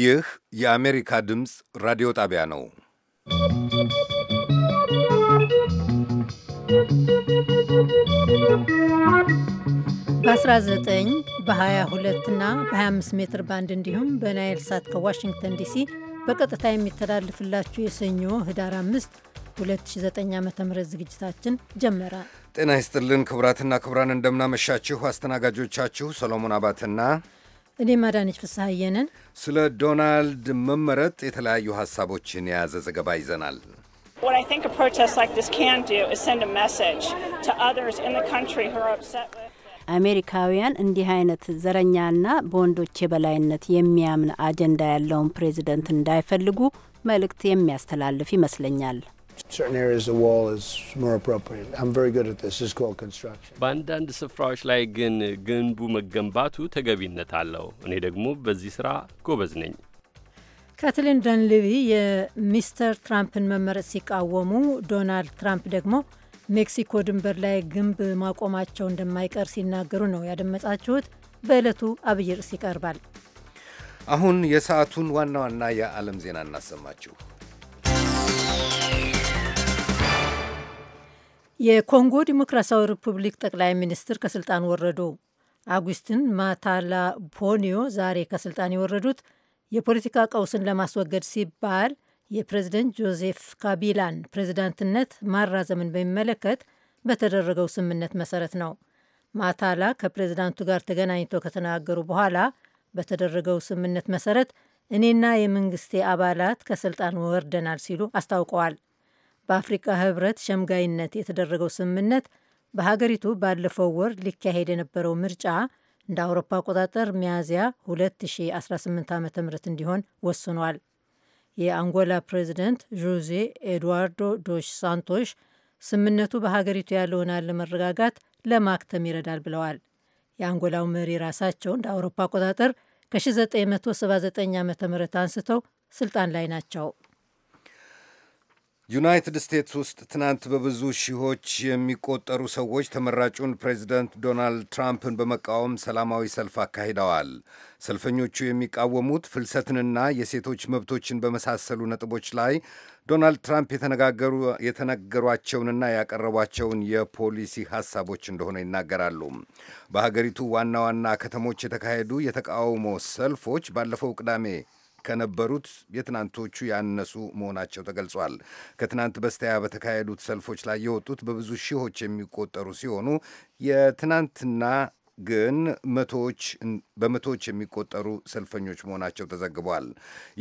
ይህ የአሜሪካ ድምፅ ራዲዮ ጣቢያ ነው። በ19 በ22 እና በ25 ሜትር ባንድ እንዲሁም በናይል ሳት ከዋሽንግተን ዲሲ በቀጥታ የሚተላልፍላችሁ የሰኞ ህዳር 5 2009 ም ዝግጅታችን ጀመረ። ጤና ይስጥልን ክቡራትና ክቡራን፣ እንደምናመሻችሁ። አስተናጋጆቻችሁ ሰሎሞን አባትና እኔ ማዳነች ፍስሐየንን። ስለ ዶናልድ መመረጥ የተለያዩ ሀሳቦችን የያዘ ዘገባ ይዘናል። አሜሪካውያን እንዲህ አይነት ዘረኛና በወንዶች የበላይነት የሚያምን አጀንዳ ያለውን ፕሬዚደንት እንዳይፈልጉ መልእክት የሚያስተላልፍ ይመስለኛል። በአንዳንድ ስፍራዎች ላይ ግን ግንቡ መገንባቱ ተገቢነት አለው። እኔ ደግሞ በዚህ ስራ ጎበዝ ነኝ። ካትሊን ደንልቪ የሚስተር ትራምፕን መመረጥ ሲቃወሙ፣ ዶናልድ ትራምፕ ደግሞ ሜክሲኮ ድንበር ላይ ግንብ ማቆማቸው እንደማይቀር ሲናገሩ ነው ያደመጣችሁት። በዕለቱ አብይ ርዕስ ይቀርባል። አሁን የሰዓቱን ዋና ዋና የዓለም ዜና እናሰማችሁ። የኮንጎ ዲሞክራሲያዊ ሪፑብሊክ ጠቅላይ ሚኒስትር ከስልጣን ወረዱ። አጉስትን ማታላ ፖኒዮ ዛሬ ከስልጣን የወረዱት የፖለቲካ ቀውስን ለማስወገድ ሲባል የፕሬዝደንት ጆዜፍ ካቢላን ፕሬዝዳንትነት ማራዘምን በሚመለከት በተደረገው ስምምነት መሰረት ነው። ማታላ ከፕሬዝዳንቱ ጋር ተገናኝተው ከተናገሩ በኋላ በተደረገው ስምምነት መሰረት እኔና የመንግስቴ አባላት ከስልጣን ወርደናል ሲሉ አስታውቀዋል። በአፍሪካ ህብረት ሸምጋይነት የተደረገው ስምምነት በሀገሪቱ ባለፈው ወር ሊካሄድ የነበረው ምርጫ እንደ አውሮፓ አቆጣጠር ሚያዝያ 2018 ዓ ም እንዲሆን ወስኗል። የአንጎላ ፕሬዚደንት ዦዜ ኤድዋርዶ ዶሽ ሳንቶሽ ስምምነቱ በሀገሪቱ ያለውን አለመረጋጋት ለማክተም ይረዳል ብለዋል። የአንጎላው መሪ ራሳቸው እንደ አውሮፓ አቆጣጠር ከ1979 ዓ ም አንስተው ስልጣን ላይ ናቸው። ዩናይትድ ስቴትስ ውስጥ ትናንት በብዙ ሺዎች የሚቆጠሩ ሰዎች ተመራጩን ፕሬዚደንት ዶናልድ ትራምፕን በመቃወም ሰላማዊ ሰልፍ አካሂደዋል። ሰልፈኞቹ የሚቃወሙት ፍልሰትንና የሴቶች መብቶችን በመሳሰሉ ነጥቦች ላይ ዶናልድ ትራምፕ የተነገሯቸውንና ያቀረቧቸውን የፖሊሲ ሀሳቦች እንደሆነ ይናገራሉ። በሀገሪቱ ዋና ዋና ከተሞች የተካሄዱ የተቃውሞ ሰልፎች ባለፈው ቅዳሜ ከነበሩት የትናንቶቹ ያነሱ መሆናቸው ተገልጿል። ከትናንት በስቲያ በተካሄዱት ሰልፎች ላይ የወጡት በብዙ ሺዎች የሚቆጠሩ ሲሆኑ የትናንትና ግን መቶዎች በመቶዎች የሚቆጠሩ ሰልፈኞች መሆናቸው ተዘግቧል።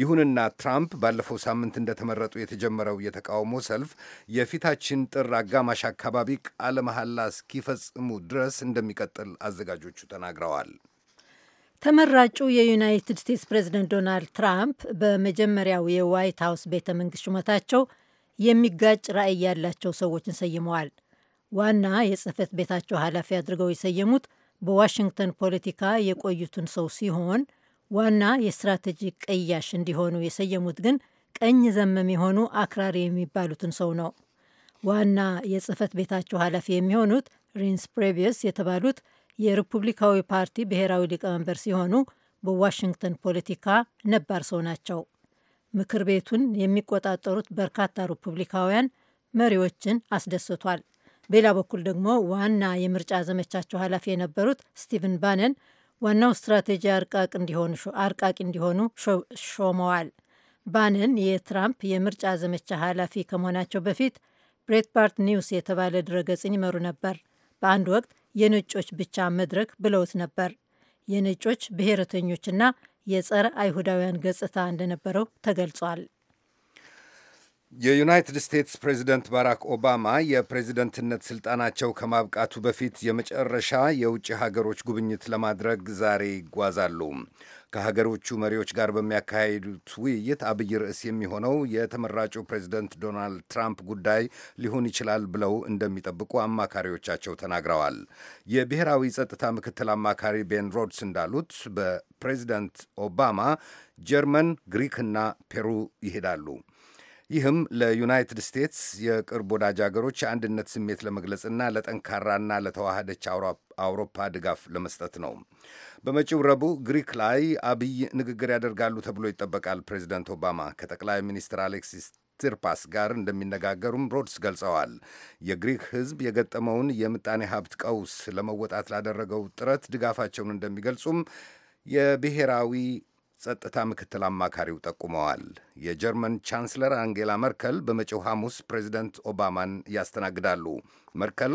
ይሁንና ትራምፕ ባለፈው ሳምንት እንደተመረጡ የተጀመረው የተቃውሞ ሰልፍ የፊታችን ጥር አጋማሽ አካባቢ ቃለ መሐላ እስኪፈጽሙ ድረስ እንደሚቀጥል አዘጋጆቹ ተናግረዋል። ተመራጩ የዩናይትድ ስቴትስ ፕሬዚደንት ዶናልድ ትራምፕ በመጀመሪያው የዋይት ሀውስ ቤተ መንግስት ሹመታቸው የሚጋጭ ራዕይ ያላቸው ሰዎችን ሰይመዋል። ዋና የጽህፈት ቤታቸው ኃላፊ አድርገው የሰየሙት በዋሽንግተን ፖለቲካ የቆዩትን ሰው ሲሆን ዋና የስትራቴጂ ቀያሽ እንዲሆኑ የሰየሙት ግን ቀኝ ዘመም የሆኑ አክራሪ የሚባሉትን ሰው ነው። ዋና የጽህፈት ቤታቸው ኃላፊ የሚሆኑት ሪንስ ፕሬቪየስ የተባሉት የሪፑብሊካዊ ፓርቲ ብሔራዊ ሊቀመንበር ሲሆኑ በዋሽንግተን ፖለቲካ ነባር ሰው ናቸው። ምክር ቤቱን የሚቆጣጠሩት በርካታ ሪፑብሊካውያን መሪዎችን አስደስቷል። በሌላ በኩል ደግሞ ዋና የምርጫ ዘመቻቸው ኃላፊ የነበሩት ስቲቨን ባነን ዋናው ስትራቴጂ አርቃቂ እንዲሆኑ ሾመዋል። ባነን የትራምፕ የምርጫ ዘመቻ ኃላፊ ከመሆናቸው በፊት ብሬትፓርት ኒውስ የተባለ ድረገጽን ይመሩ ነበር። በአንድ ወቅት የነጮች ብቻ መድረክ ብለውት ነበር። የነጮች ብሔረተኞችና የጸረ አይሁዳውያን ገጽታ እንደነበረው ተገልጿል። የዩናይትድ ስቴትስ ፕሬዚደንት ባራክ ኦባማ የፕሬዚደንትነት ስልጣናቸው ከማብቃቱ በፊት የመጨረሻ የውጭ ሀገሮች ጉብኝት ለማድረግ ዛሬ ይጓዛሉ። ከሀገሮቹ መሪዎች ጋር በሚያካሂዱት ውይይት አብይ ርዕስ የሚሆነው የተመራጩ ፕሬዚደንት ዶናልድ ትራምፕ ጉዳይ ሊሆን ይችላል ብለው እንደሚጠብቁ አማካሪዎቻቸው ተናግረዋል። የብሔራዊ ጸጥታ ምክትል አማካሪ ቤን ሮድስ እንዳሉት በፕሬዚደንት ኦባማ ጀርመን፣ ግሪክና ፔሩ ይሄዳሉ። ይህም ለዩናይትድ ስቴትስ የቅርብ ወዳጅ አገሮች የአንድነት ስሜት ለመግለጽና ለጠንካራና ለተዋሃደች አውሮፓ ድጋፍ ለመስጠት ነው። በመጪው ረቡዕ ግሪክ ላይ አብይ ንግግር ያደርጋሉ ተብሎ ይጠበቃል። ፕሬዚደንት ኦባማ ከጠቅላይ ሚኒስትር አሌክሲስ ቲርፓስ ጋር እንደሚነጋገሩም ሮድስ ገልጸዋል። የግሪክ ሕዝብ የገጠመውን የምጣኔ ሀብት ቀውስ ለመወጣት ላደረገው ጥረት ድጋፋቸውን እንደሚገልጹም የብሔራዊ ጸጥታ ምክትል አማካሪው ጠቁመዋል። የጀርመን ቻንስለር አንጌላ መርከል በመጪው ሐሙስ ፕሬዚደንት ኦባማን ያስተናግዳሉ። መርከል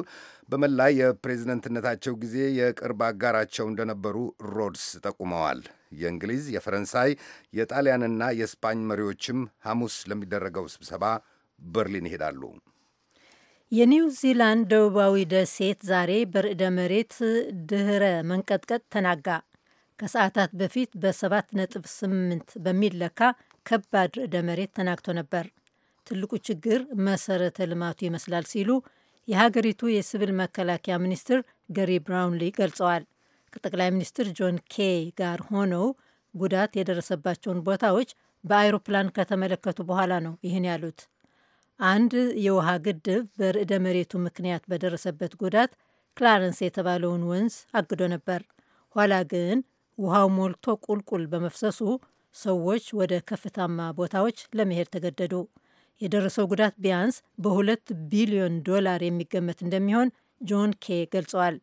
በመላ የፕሬዝደንትነታቸው ጊዜ የቅርብ አጋራቸው እንደነበሩ ሮድስ ጠቁመዋል። የእንግሊዝ፣ የፈረንሳይ፣ የጣሊያንና የስፓኝ መሪዎችም ሐሙስ ለሚደረገው ስብሰባ በርሊን ይሄዳሉ። የኒው ዚላንድ ደቡባዊ ደሴት ዛሬ በርዕደ መሬት ድህረ መንቀጥቀጥ ተናጋ። ከሰዓታት በፊት በሰባት ነጥብ ስምንት በሚለካ ከባድ ርዕደ መሬት ተናግቶ ነበር። ትልቁ ችግር መሰረተ ልማቱ ይመስላል ሲሉ የሀገሪቱ የሲቪል መከላከያ ሚኒስትር ገሪ ብራውንሊ ገልጸዋል። ከጠቅላይ ሚኒስትር ጆን ኬይ ጋር ሆነው ጉዳት የደረሰባቸውን ቦታዎች በአይሮፕላን ከተመለከቱ በኋላ ነው ይህን ያሉት። አንድ የውሃ ግድብ በርዕደ መሬቱ ምክንያት በደረሰበት ጉዳት ክላረንስ የተባለውን ወንዝ አግዶ ነበር። ኋላ ግን ውሃው ሞልቶ ቁልቁል በመፍሰሱ ሰዎች ወደ ከፍታማ ቦታዎች ለመሄድ ተገደዱ። የደረሰው ጉዳት ቢያንስ በሁለት ቢሊዮን ዶላር የሚገመት እንደሚሆን ጆን ኬ ገልጸዋል።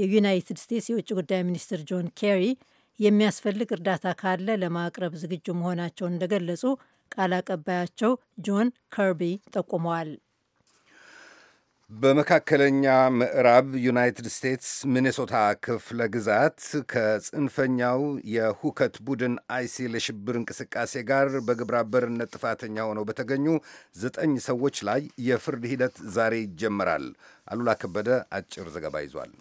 የዩናይትድ ስቴትስ የውጭ ጉዳይ ሚኒስትር ጆን ኬሪ የሚያስፈልግ እርዳታ ካለ ለማቅረብ ዝግጁ መሆናቸውን እንደገለጹ ቃል አቀባያቸው ጆን ከርቢ ጠቁመዋል። በመካከለኛ ምዕራብ ዩናይትድ ስቴትስ ሚኔሶታ ክፍለ ግዛት ከጽንፈኛው የሁከት ቡድን አይሲል የሽብር እንቅስቃሴ ጋር በግብረ አበርነት ጥፋተኛ ሆነው በተገኙ ዘጠኝ ሰዎች ላይ የፍርድ ሂደት ዛሬ ይጀመራል። አሉላ ከበደ አጭር ዘገባ ይዟል።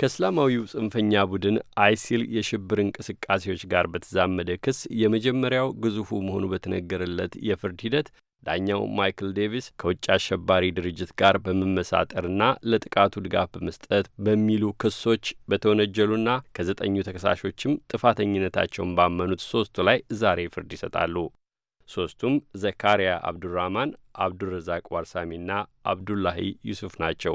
ከእስላማዊው ጽንፈኛ ቡድን አይሲል የሽብር እንቅስቃሴዎች ጋር በተዛመደ ክስ የመጀመሪያው ግዙፉ መሆኑ በተነገረለት የፍርድ ሂደት ዳኛው ማይክል ዴቪስ ከውጭ አሸባሪ ድርጅት ጋር በመመሳጠርና ለጥቃቱ ድጋፍ በመስጠት በሚሉ ክሶች በተወነጀሉና ከዘጠኙ ተከሳሾችም ጥፋተኝነታቸውን ባመኑት ሶስቱ ላይ ዛሬ ፍርድ ይሰጣሉ። ሦስቱም ዘካሪያ አብዱራህማን፣ አብዱረዛቅ ዋርሳሚና አብዱላሂ ዩሱፍ ናቸው።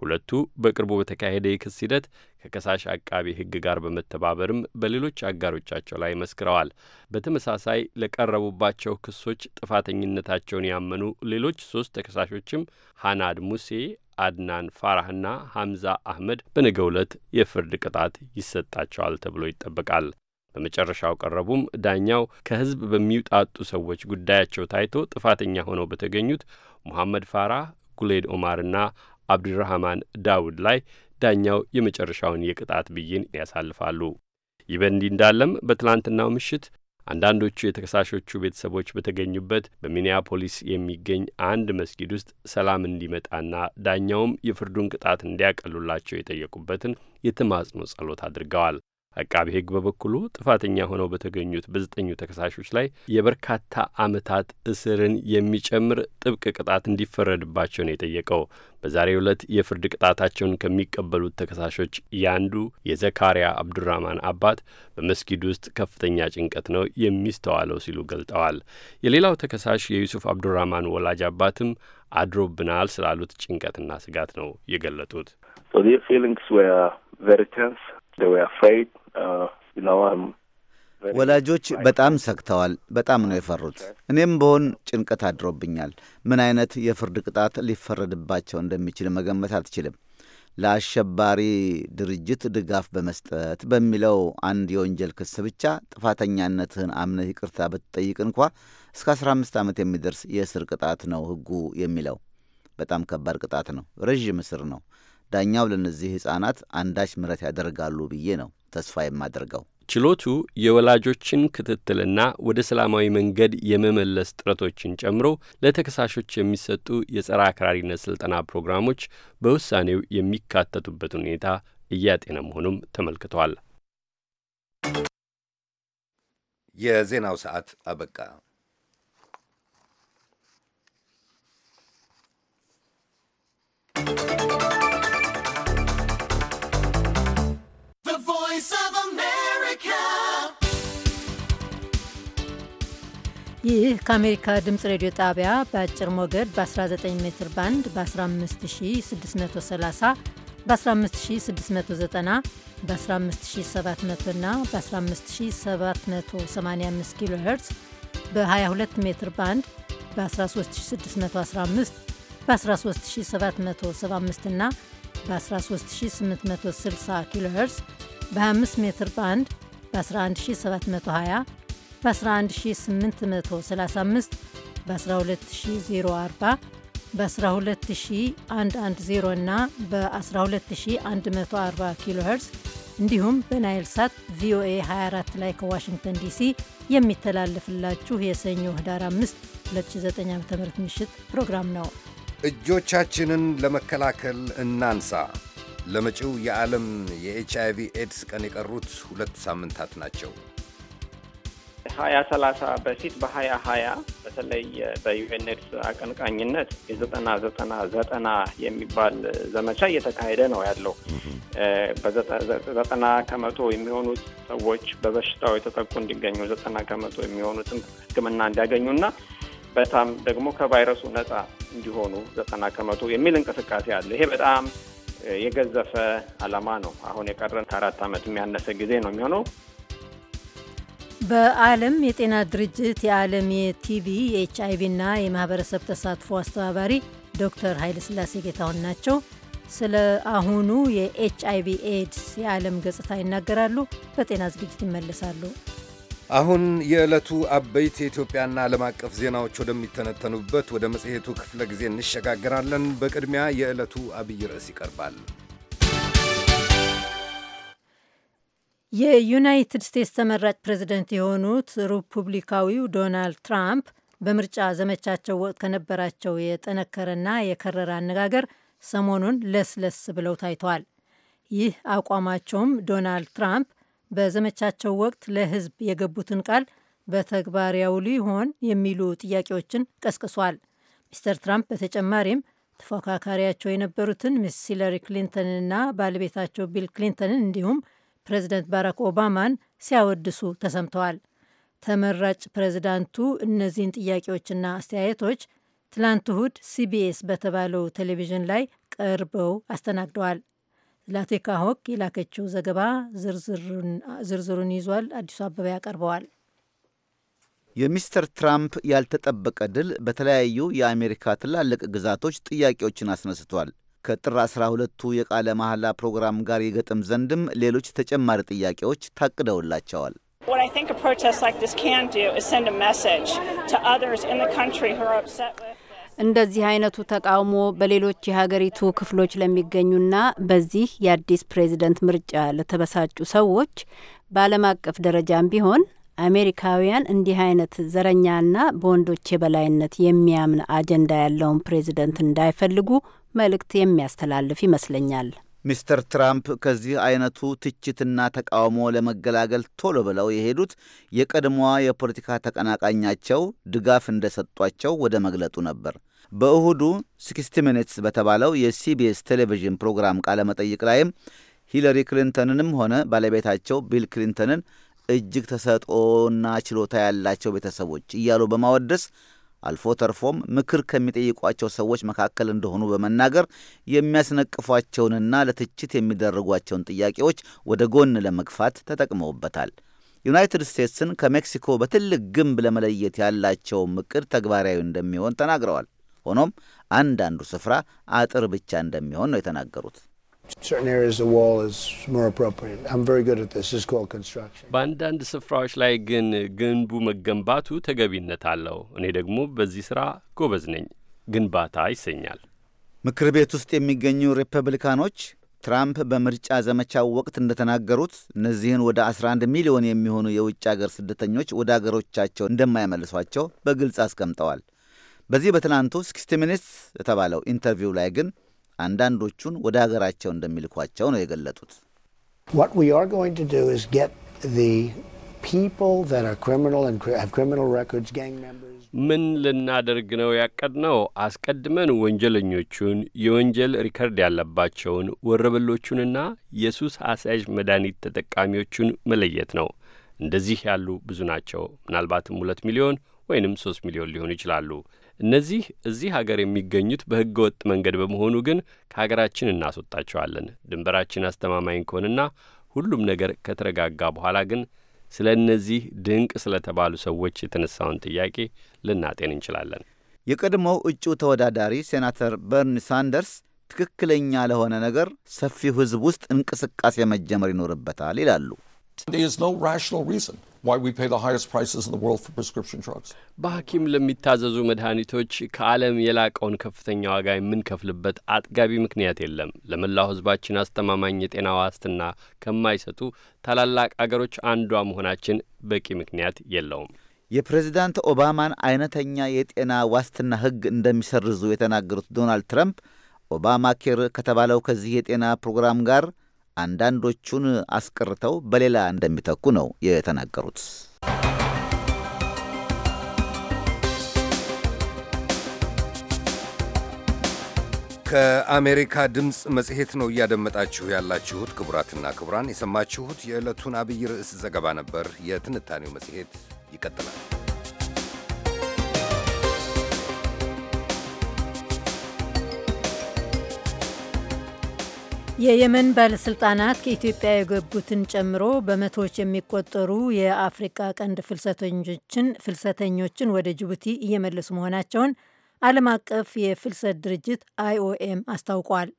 ሁለቱ በቅርቡ በተካሄደ የክስ ሂደት ከከሳሽ አቃቢ ሕግ ጋር በመተባበርም በሌሎች አጋሮቻቸው ላይ መስክረዋል። በተመሳሳይ ለቀረቡባቸው ክሶች ጥፋተኝነታቸውን ያመኑ ሌሎች ሶስት ተከሳሾችም ሃናድ ሙሴ፣ አድናን ፋራህና ሐምዛ አህመድ በነገው ዕለት የፍርድ ቅጣት ይሰጣቸዋል ተብሎ ይጠበቃል። በመጨረሻው ቀረቡም ዳኛው ከህዝብ በሚውጣጡ ሰዎች ጉዳያቸው ታይቶ ጥፋተኛ ሆነው በተገኙት ሙሐመድ ፋራ ጉሌድ ኦማርና አብድራህማን ዳውድ ላይ ዳኛው የመጨረሻውን የቅጣት ብይን ያሳልፋሉ። ይህ በእንዲህ እንዳለም በትላንትናው ምሽት አንዳንዶቹ የተከሳሾቹ ቤተሰቦች በተገኙበት በሚኒያፖሊስ የሚገኝ አንድ መስጊድ ውስጥ ሰላም እንዲመጣና ዳኛውም የፍርዱን ቅጣት እንዲያቀሉላቸው የጠየቁበትን የተማጽኖ ጸሎት አድርገዋል። አቃቢ ሕግ በበኩሉ ጥፋተኛ ሆነው በተገኙት በዘጠኙ ተከሳሾች ላይ የበርካታ ዓመታት እስርን የሚጨምር ጥብቅ ቅጣት እንዲፈረድባቸው ነው የጠየቀው። በዛሬው ዕለት የፍርድ ቅጣታቸውን ከሚቀበሉት ተከሳሾች ያንዱ የዘካሪያ አብዱራማን አባት በመስጊድ ውስጥ ከፍተኛ ጭንቀት ነው የሚስተዋለው ሲሉ ገልጠዋል። የሌላው ተከሳሽ የዩሱፍ አብዱራማን ወላጅ አባትም አድሮብናል ስላሉት ጭንቀትና ስጋት ነው የገለጡት። Uh, ወላጆች በጣም ሰግተዋል። በጣም ነው የፈሩት። እኔም በሆን ጭንቀት አድሮብኛል። ምን አይነት የፍርድ ቅጣት ሊፈረድባቸው እንደሚችል መገመት አትችልም። ለአሸባሪ ድርጅት ድጋፍ በመስጠት በሚለው አንድ የወንጀል ክስ ብቻ ጥፋተኛነትህን አምነህ ይቅርታ ብትጠይቅ እንኳ እስከ 15 ዓመት የሚደርስ የእስር ቅጣት ነው ሕጉ የሚለው። በጣም ከባድ ቅጣት ነው። ረዥም እስር ነው። ዳኛው ለእነዚህ ሕፃናት አንዳች ምረት ያደርጋሉ ብዬ ነው ተስፋ የማደርገው። ችሎቱ የወላጆችን ክትትልና ወደ ሰላማዊ መንገድ የመመለስ ጥረቶችን ጨምሮ ለተከሳሾች የሚሰጡ የጸረ አክራሪነት ስልጠና ፕሮግራሞች በውሳኔው የሚካተቱበት ሁኔታ እያጤነ መሆኑም ተመልክቷል። የዜናው ሰዓት አበቃ። ይህ ከአሜሪካ ድምፅ ሬዲዮ ጣቢያ በአጭር ሞገድ በ19 ሜትር ባንድ በ15630 በ15690 በ15700 እና በ15785 ኪሎ ሄርትስ በ22 ሜትር ባንድ በ13615 በ13775 እና በ13860 ኪሎ ሄርትስ በ25 ሜትር ባንድ በ11720 በ11835 በ12040 በ12110 እና በ12140 ኪሎ ሄርዝ እንዲሁም በናይል ሳት ቪኦኤ 24 ላይ ከዋሽንግተን ዲሲ የሚተላለፍላችሁ የሰኞ ህዳር 5 2009 ዓ.ም ምሽት ፕሮግራም ነው። እጆቻችንን ለመከላከል እናንሳ። ለመጪው የዓለም የኤች አይ ቪ ኤድስ ቀን የቀሩት ሁለት ሳምንታት ናቸው። ሀያ ሰላሳ በፊት በሀያ ሀያ በተለይ በዩኤንኤድስ አቀንቃኝነት የዘጠና ዘጠና ዘጠና የሚባል ዘመቻ እየተካሄደ ነው ያለው። በዘጠና ከመቶ የሚሆኑት ሰዎች በበሽታው የተጠቁ እንዲገኙ፣ ዘጠና ከመቶ የሚሆኑትም ሕክምና እንዲያገኙና በጣም ደግሞ ከቫይረሱ ነጻ እንዲሆኑ ዘጠና ከመቶ የሚል እንቅስቃሴ አለ። ይሄ በጣም የገዘፈ ዓላማ ነው። አሁን የቀረን ከአራት ዓመት የሚያነሰ ጊዜ ነው የሚሆነው በዓለም የጤና ድርጅት የዓለም የቲቪ የኤች አይ ቪ ና የማህበረሰብ ተሳትፎ አስተባባሪ ዶክተር ኃይለስላሴ ጌታሁን ናቸው። ስለ አሁኑ የኤች አይ ቪ ኤድስ የዓለም ገጽታ ይናገራሉ። በጤና ዝግጅት ይመለሳሉ። አሁን የዕለቱ አበይት የኢትዮጵያና ዓለም አቀፍ ዜናዎች ወደሚተነተኑበት ወደ መጽሔቱ ክፍለ ጊዜ እንሸጋገራለን። በቅድሚያ የዕለቱ አብይ ርዕስ ይቀርባል። የዩናይትድ ስቴትስ ተመራጭ ፕሬዚደንት የሆኑት ሪፑብሊካዊው ዶናልድ ትራምፕ በምርጫ ዘመቻቸው ወቅት ከነበራቸው የጠነከረና የከረረ አነጋገር ሰሞኑን ለስለስ ብለው ታይተዋል። ይህ አቋማቸውም ዶናልድ ትራምፕ በዘመቻቸው ወቅት ለሕዝብ የገቡትን ቃል በተግባር ያውሉ ይሆን የሚሉ ጥያቄዎችን ቀስቅሷል። ሚስተር ትራምፕ በተጨማሪም ተፎካካሪያቸው የነበሩትን ሚስ ሂለሪ ክሊንተንንና ባለቤታቸው ቢል ክሊንተንን እንዲሁም ፕሬዚደንት ባራክ ኦባማን ሲያወድሱ ተሰምተዋል። ተመራጭ ፕሬዚዳንቱ እነዚህን ጥያቄዎችና አስተያየቶች ትላንት እሁድ ሲቢኤስ በተባለው ቴሌቪዥን ላይ ቀርበው አስተናግደዋል። ላቲካ ሆክ የላከችው ዘገባ ዝርዝሩን ይዟል። አዲሱ አበባ ያቀርበዋል። የሚስተር ትራምፕ ያልተጠበቀ ድል በተለያዩ የአሜሪካ ትላልቅ ግዛቶች ጥያቄዎችን አስነስቷል። ከጥር 12ቱ የቃለ መሐላ ፕሮግራም ጋር ይገጥም ዘንድም ሌሎች ተጨማሪ ጥያቄዎች ታቅደውላቸዋል። እንደዚህ አይነቱ ተቃውሞ በሌሎች የሀገሪቱ ክፍሎች ለሚገኙና በዚህ የአዲስ ፕሬዝደንት ምርጫ ለተበሳጩ ሰዎች በዓለም አቀፍ ደረጃም ቢሆን አሜሪካውያን እንዲህ አይነት ዘረኛና በወንዶች የበላይነት የሚያምን አጀንዳ ያለውን ፕሬዚደንት እንዳይፈልጉ መልእክት የሚያስተላልፍ ይመስለኛል። ሚስተር ትራምፕ ከዚህ አይነቱ ትችትና ተቃውሞ ለመገላገል ቶሎ ብለው የሄዱት የቀድሞዋ የፖለቲካ ተቀናቃኛቸው ድጋፍ እንደሰጧቸው ወደ መግለጡ ነበር። በእሁዱ 60 ሚኒትስ በተባለው የሲቢኤስ ቴሌቪዥን ፕሮግራም ቃለመጠይቅ ላይም ሂለሪ ክሊንተንንም ሆነ ባለቤታቸው ቢል ክሊንተንን እጅግ ተሰጥኦና ችሎታ ያላቸው ቤተሰቦች እያሉ በማወደስ አልፎ ተርፎም ምክር ከሚጠይቋቸው ሰዎች መካከል እንደሆኑ በመናገር የሚያስነቅፏቸውንና ለትችት የሚደረጓቸውን ጥያቄዎች ወደ ጎን ለመግፋት ተጠቅመውበታል። ዩናይትድ ስቴትስን ከሜክሲኮ በትልቅ ግንብ ለመለየት ያላቸው እቅድ ተግባራዊ እንደሚሆን ተናግረዋል። ሆኖም አንዳንዱ ስፍራ አጥር ብቻ እንደሚሆን ነው የተናገሩት። በአንዳንድ ስፍራዎች ላይ ግን ግንቡ መገንባቱ ተገቢነት አለው። እኔ ደግሞ በዚህ ስራ ጎበዝ ነኝ። ግንባታ ይሰኛል። ምክር ቤት ውስጥ የሚገኙ ሪፐብሊካኖች ትራምፕ በምርጫ ዘመቻው ወቅት እንደተናገሩት እነዚህን ወደ 11 ሚሊዮን የሚሆኑ የውጭ አገር ስደተኞች ወደ አገሮቻቸው እንደማይመልሷቸው በግልጽ አስቀምጠዋል። በዚህ በትናንቱ 60 ሚኒትስ የተባለው ኢንተርቪው ላይ ግን አንዳንዶቹን ወደ ሀገራቸው እንደሚልኳቸው ነው የገለጡት። ምን ልናደርግ ነው ያቀድነው? አስቀድመን ወንጀለኞቹን፣ የወንጀል ሪከርድ ያለባቸውን ወረበሎቹንና የሱስ አስያዥ መድኃኒት ተጠቃሚዎቹን መለየት ነው። እንደዚህ ያሉ ብዙ ናቸው። ምናልባትም ሁለት ሚሊዮን ወይንም ሶስት ሚሊዮን ሊሆኑ ይችላሉ። እነዚህ እዚህ ሀገር የሚገኙት በህገ ወጥ መንገድ በመሆኑ ግን ከሀገራችን እናስወጣቸዋለን። ድንበራችን አስተማማኝ ከሆንና ሁሉም ነገር ከተረጋጋ በኋላ ግን ስለ እነዚህ ድንቅ ስለተባሉ ሰዎች የተነሳውን ጥያቄ ልናጤን እንችላለን። የቀድሞው እጩ ተወዳዳሪ ሴናተር በርኒ ሳንደርስ ትክክለኛ ለሆነ ነገር ሰፊው ህዝብ ውስጥ እንቅስቃሴ መጀመር ይኖርበታል ይላሉ። በሐኪም ለሚታዘዙ መድኃኒቶች ከዓለም የላቀውን ከፍተኛ ዋጋ የምንከፍልበት አጥጋቢ ምክንያት የለም። ለመላው ሕዝባችን አስተማማኝ የጤና ዋስትና ከማይሰጡ ታላላቅ አገሮች አንዷ መሆናችን በቂ ምክንያት የለውም። የፕሬዚዳንት ኦባማን አይነተኛ የጤና ዋስትና ሕግ እንደሚሰርዙ የተናገሩት ዶናልድ ትራምፕ ኦባማ ኬር ከተባለው ከዚህ የጤና ፕሮግራም ጋር አንዳንዶቹን አስቀርተው በሌላ እንደሚተኩ ነው የተናገሩት። ከአሜሪካ ድምፅ መጽሔት ነው እያደመጣችሁ ያላችሁት። ክቡራትና ክቡራን የሰማችሁት የዕለቱን አብይ ርዕስ ዘገባ ነበር። የትንታኔው መጽሔት ይቀጥላል። የየመን ባለስልጣናት ከኢትዮጵያ የገቡትን ጨምሮ በመቶዎች የሚቆጠሩ የአፍሪቃ ቀንድ ፍልሰተኞችን ፍልሰተኞችን ወደ ጅቡቲ እየመለሱ መሆናቸውን ዓለም አቀፍ የፍልሰት ድርጅት አይኦኤም አስታውቋል።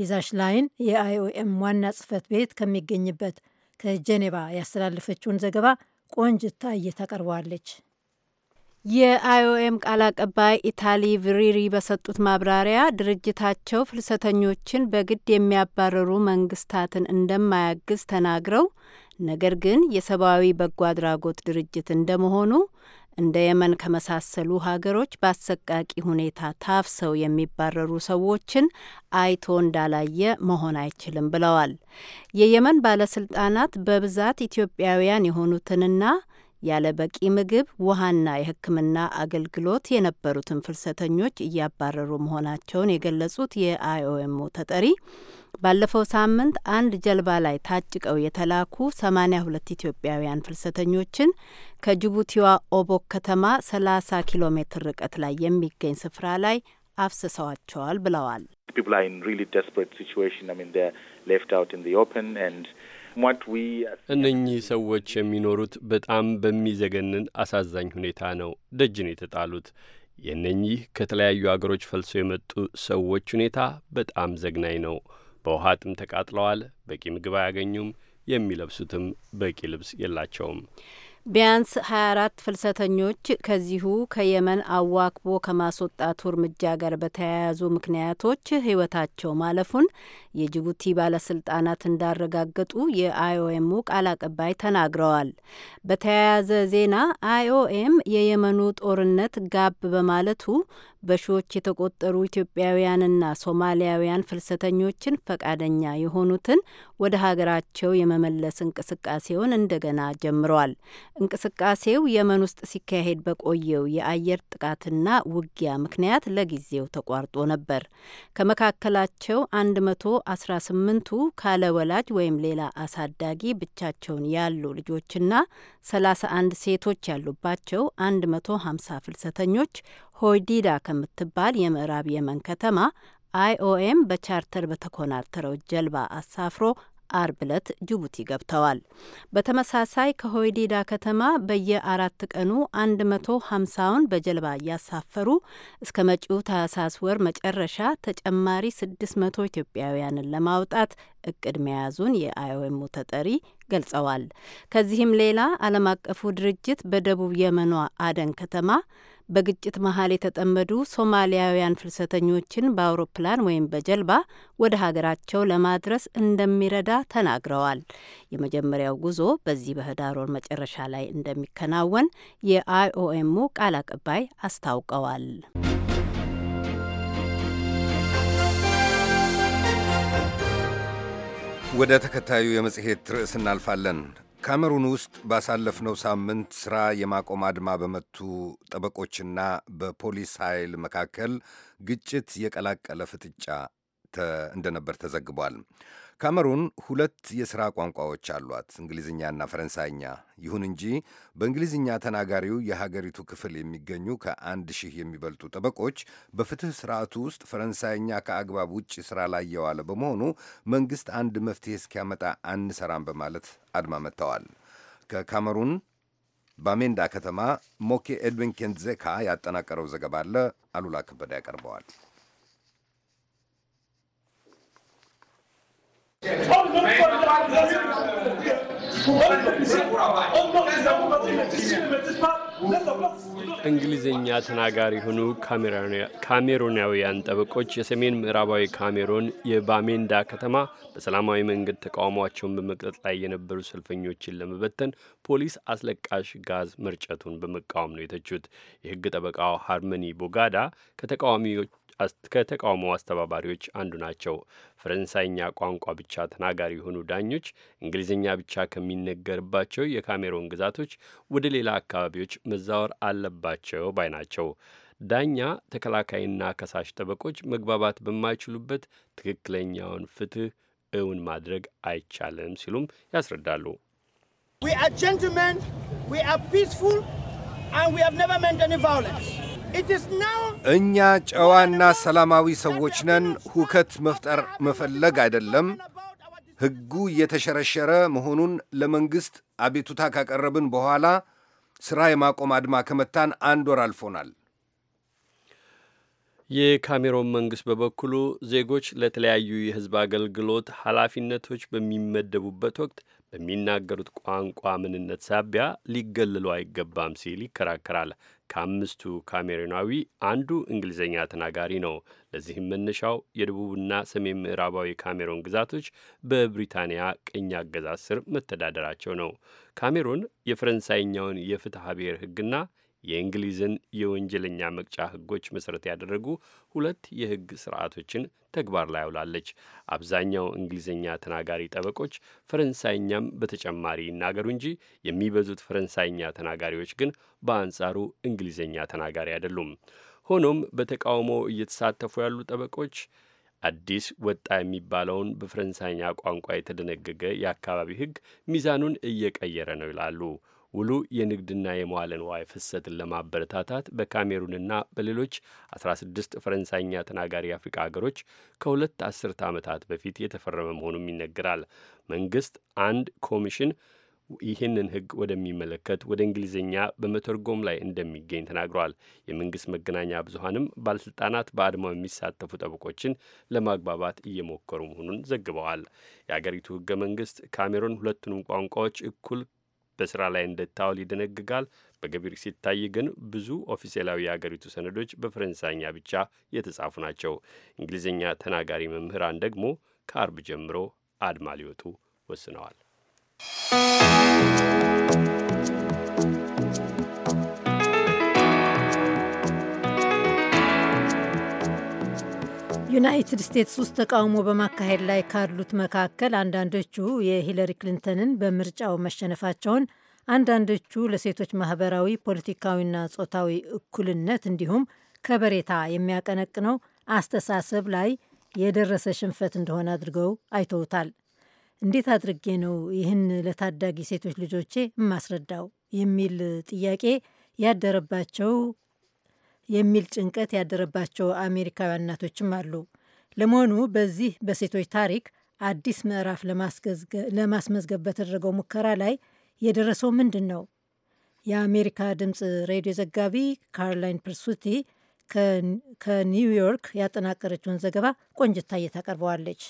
ሊዛ ሽላይን የአይኦኤም ዋና ጽህፈት ቤት ከሚገኝበት ከጀኔባ ያስተላለፈችውን ዘገባ ቆንጅታ እየታቀርበዋለች። የአይኦኤም ቃል አቀባይ ኢታሊ ቪሪሪ በሰጡት ማብራሪያ ድርጅታቸው ፍልሰተኞችን በግድ የሚያባረሩ መንግስታትን እንደማያግዝ ተናግረው ነገር ግን የሰብአዊ በጎ አድራጎት ድርጅት እንደመሆኑ እንደ የመን ከመሳሰሉ ሀገሮች በአሰቃቂ ሁኔታ ታፍሰው የሚባረሩ ሰዎችን አይቶ እንዳላየ መሆን አይችልም ብለዋል። የየመን ባለስልጣናት በብዛት ኢትዮጵያውያን የሆኑትንና ያለ በቂ ምግብ፣ ውሃና የሕክምና አገልግሎት የነበሩትን ፍልሰተኞች እያባረሩ መሆናቸውን የገለጹት የአይኦኤሙ ተጠሪ ባለፈው ሳምንት አንድ ጀልባ ላይ ታጭቀው የተላኩ 82 ኢትዮጵያውያን ፍልሰተኞችን ከጅቡቲዋ ኦቦክ ከተማ 30 ኪሎ ሜትር ርቀት ላይ የሚገኝ ስፍራ ላይ አፍስሰዋቸዋል ብለዋል። እነኚህ ሰዎች የሚኖሩት በጣም በሚዘገንን አሳዛኝ ሁኔታ ነው። ደጅን የተጣሉት። የእነኚህ ከተለያዩ አገሮች ፈልሶ የመጡ ሰዎች ሁኔታ በጣም ዘግናኝ ነው። በውሃ ጥም ተቃጥለዋል። በቂ ምግብ አያገኙም። የሚለብሱትም በቂ ልብስ የላቸውም። ቢያንስ 24 ፍልሰተኞች ከዚሁ ከየመን አዋክቦ ከማስወጣቱ እርምጃ ጋር በተያያዙ ምክንያቶች ሕይወታቸው ማለፉን የጅቡቲ ባለስልጣናት እንዳረጋገጡ የአይኦኤሙ ቃል አቀባይ ተናግረዋል። በተያያዘ ዜና አይኦኤም የየመኑ ጦርነት ጋብ በማለቱ በሺዎች የተቆጠሩ ኢትዮጵያውያንና ሶማሊያውያን ፍልሰተኞችን ፈቃደኛ የሆኑትን ወደ ሀገራቸው የመመለስ እንቅስቃሴውን እንደገና ጀምረዋል። እንቅስቃሴው የመን ውስጥ ሲካሄድ በቆየው የአየር ጥቃትና ውጊያ ምክንያት ለጊዜው ተቋርጦ ነበር። ከመካከላቸው 118ቱ ካለ ወላጅ ወይም ሌላ አሳዳጊ ብቻቸውን ያሉ ልጆችና 31 ሴቶች ያሉባቸው 150 ፍልሰተኞች ሆይዲዳ ከምትባል የምዕራብ የመን ከተማ አይኦኤም በቻርተር በተኮናተረው ጀልባ አሳፍሮ አርብ ዕለት ጅቡቲ ገብተዋል። በተመሳሳይ ከሆይዲዳ ከተማ በየአራት ቀኑ 150ውን በጀልባ እያሳፈሩ እስከ መጪው ታህሳስ ወር መጨረሻ ተጨማሪ 600 ኢትዮጵያውያንን ለማውጣት እቅድ መያዙን የአይኦኤሙ ተጠሪ ገልጸዋል። ከዚህም ሌላ ዓለም አቀፉ ድርጅት በደቡብ የመኗ አደን ከተማ በግጭት መሀል የተጠመዱ ሶማሊያውያን ፍልሰተኞችን በአውሮፕላን ወይም በጀልባ ወደ ሀገራቸው ለማድረስ እንደሚረዳ ተናግረዋል። የመጀመሪያው ጉዞ በዚህ በህዳር ወር መጨረሻ ላይ እንደሚከናወን የአይኦኤሙ ቃል አቀባይ አስታውቀዋል። ወደ ተከታዩ የመጽሔት ርዕስ እናልፋለን። ካሜሩን ውስጥ ባሳለፍነው ሳምንት ሥራ የማቆም አድማ በመቱ ጠበቆችና በፖሊስ ኃይል መካከል ግጭት የቀላቀለ ፍጥጫ እንደነበር ተዘግቧል። ካሜሩን ሁለት የሥራ ቋንቋዎች አሏት፣ እንግሊዝኛና ፈረንሳይኛ። ይሁን እንጂ በእንግሊዝኛ ተናጋሪው የሀገሪቱ ክፍል የሚገኙ ከአንድ ሺህ የሚበልጡ ጠበቆች በፍትሕ ስርዓቱ ውስጥ ፈረንሳይኛ ከአግባብ ውጭ ሥራ ላይ የዋለ በመሆኑ መንግሥት አንድ መፍትሔ እስኪያመጣ አንሰራም በማለት አድማ መጥተዋል። ከካሜሩን ባሜንዳ ከተማ ሞኬ ኤድዊን ኬንዜካ ያጠናቀረው ዘገባ አለ። አሉላ ከበደ ያቀርበዋል። እንግሊዝኛ ተናጋሪ የሆኑ ካሜሩናውያን ጠበቆች የሰሜን ምዕራባዊ ካሜሩን የባሜንዳ ከተማ በሰላማዊ መንገድ ተቃውሟቸውን በመቅረጽ ላይ የነበሩ ሰልፈኞችን ለመበተን ፖሊስ አስለቃሽ ጋዝ መርጨቱን በመቃወም ነው የተቹት። የሕግ ጠበቃው ሃርመኒ ቦጋዳ ከተቃዋሚዎች ከተቃውሞ አስተባባሪዎች አንዱ ናቸው። ፈረንሳይኛ ቋንቋ ብቻ ተናጋሪ የሆኑ ዳኞች እንግሊዝኛ ብቻ ከሚነገርባቸው የካሜሮን ግዛቶች ወደ ሌላ አካባቢዎች መዛወር አለባቸው ባይ ናቸው። ዳኛ፣ ተከላካይና ከሳሽ ጠበቆች መግባባት በማይችሉበት ትክክለኛውን ፍትህ እውን ማድረግ አይቻልም ሲሉም ያስረዳሉ። We are gentlemen, we are peaceful, and we have never meant any violence. እኛ ጨዋና ሰላማዊ ሰዎች ነን። ሁከት መፍጠር መፈለግ አይደለም። ሕጉ እየተሸረሸረ መሆኑን ለመንግሥት አቤቱታ ካቀረብን በኋላ ሥራ የማቆም አድማ ከመታን አንድ ወር አልፎናል። የካሜሮን መንግስት በበኩሉ ዜጎች ለተለያዩ የሕዝብ አገልግሎት ኃላፊነቶች በሚመደቡበት ወቅት በሚናገሩት ቋንቋ ምንነት ሳቢያ ሊገልሉ አይገባም ሲል ይከራከራል። ከአምስቱ ካሜሩናዊ አንዱ እንግሊዝኛ ተናጋሪ ነው። ለዚህም መነሻው የደቡብና ሰሜን ምዕራባዊ ካሜሮን ግዛቶች በብሪታንያ ቅኝ አገዛዝ ስር መተዳደራቸው ነው። ካሜሮን የፈረንሳይኛውን የፍትሐ ብሔር ሕግና የእንግሊዝን የወንጀለኛ መቅጫ ህጎች መሠረት ያደረጉ ሁለት የህግ ስርዓቶችን ተግባር ላይ አውላለች። አብዛኛው እንግሊዝኛ ተናጋሪ ጠበቆች ፈረንሳይኛም በተጨማሪ ይናገሩ እንጂ የሚበዙት ፈረንሳይኛ ተናጋሪዎች ግን በአንጻሩ እንግሊዝኛ ተናጋሪ አይደሉም። ሆኖም በተቃውሞ እየተሳተፉ ያሉ ጠበቆች አዲስ ወጣ የሚባለውን በፈረንሳይኛ ቋንቋ የተደነገገ የአካባቢ ህግ ሚዛኑን እየቀየረ ነው ይላሉ። ውሉ የንግድና የመዋለ ንዋይ ፍሰትን ለማበረታታት በካሜሩንና በሌሎች 16 ፈረንሳይኛ ተናጋሪ የአፍሪካ ሀገሮች ከሁለት አስርት ዓመታት በፊት የተፈረመ መሆኑም ይነገራል። መንግስት አንድ ኮሚሽን ይህንን ህግ ወደሚመለከት ወደ እንግሊዝኛ በመተርጎም ላይ እንደሚገኝ ተናግሯል። የመንግስት መገናኛ ብዙሀንም ባለስልጣናት በአድማው የሚሳተፉ ጠበቆችን ለማግባባት እየሞከሩ መሆኑን ዘግበዋል። የአገሪቱ ህገ መንግስት ካሜሩን ሁለቱንም ቋንቋዎች እኩል በስራ ላይ እንድታውል ይደነግጋል። በገቢር ሲታይ ግን ብዙ ኦፊሴላዊ የአገሪቱ ሰነዶች በፈረንሳይኛ ብቻ የተጻፉ ናቸው። እንግሊዝኛ ተናጋሪ መምህራን ደግሞ ከአርብ ጀምሮ አድማ ሊወጡ ወስነዋል። ዩናይትድ ስቴትስ ውስጥ ተቃውሞ በማካሄድ ላይ ካሉት መካከል አንዳንዶቹ የሂለሪ ክሊንተንን በምርጫው መሸነፋቸውን፣ አንዳንዶቹ ለሴቶች ማህበራዊ፣ ፖለቲካዊና ጾታዊ እኩልነት እንዲሁም ከበሬታ የሚያቀነቅነው አስተሳሰብ ላይ የደረሰ ሽንፈት እንደሆነ አድርገው አይተውታል። እንዴት አድርጌ ነው ይህን ለታዳጊ ሴቶች ልጆቼ የማስረዳው የሚል ጥያቄ ያደረባቸው የሚል ጭንቀት ያደረባቸው አሜሪካውያን እናቶችም አሉ። ለመሆኑ በዚህ በሴቶች ታሪክ አዲስ ምዕራፍ ለማስመዝገብ በተደረገው ሙከራ ላይ የደረሰው ምንድን ነው? የአሜሪካ ድምፅ ሬዲዮ ዘጋቢ ካሮላይን ፕርሱቲ ከኒውዮርክ ያጠናቀረችውን ዘገባ ቆንጅታ እየታቀርበዋለች።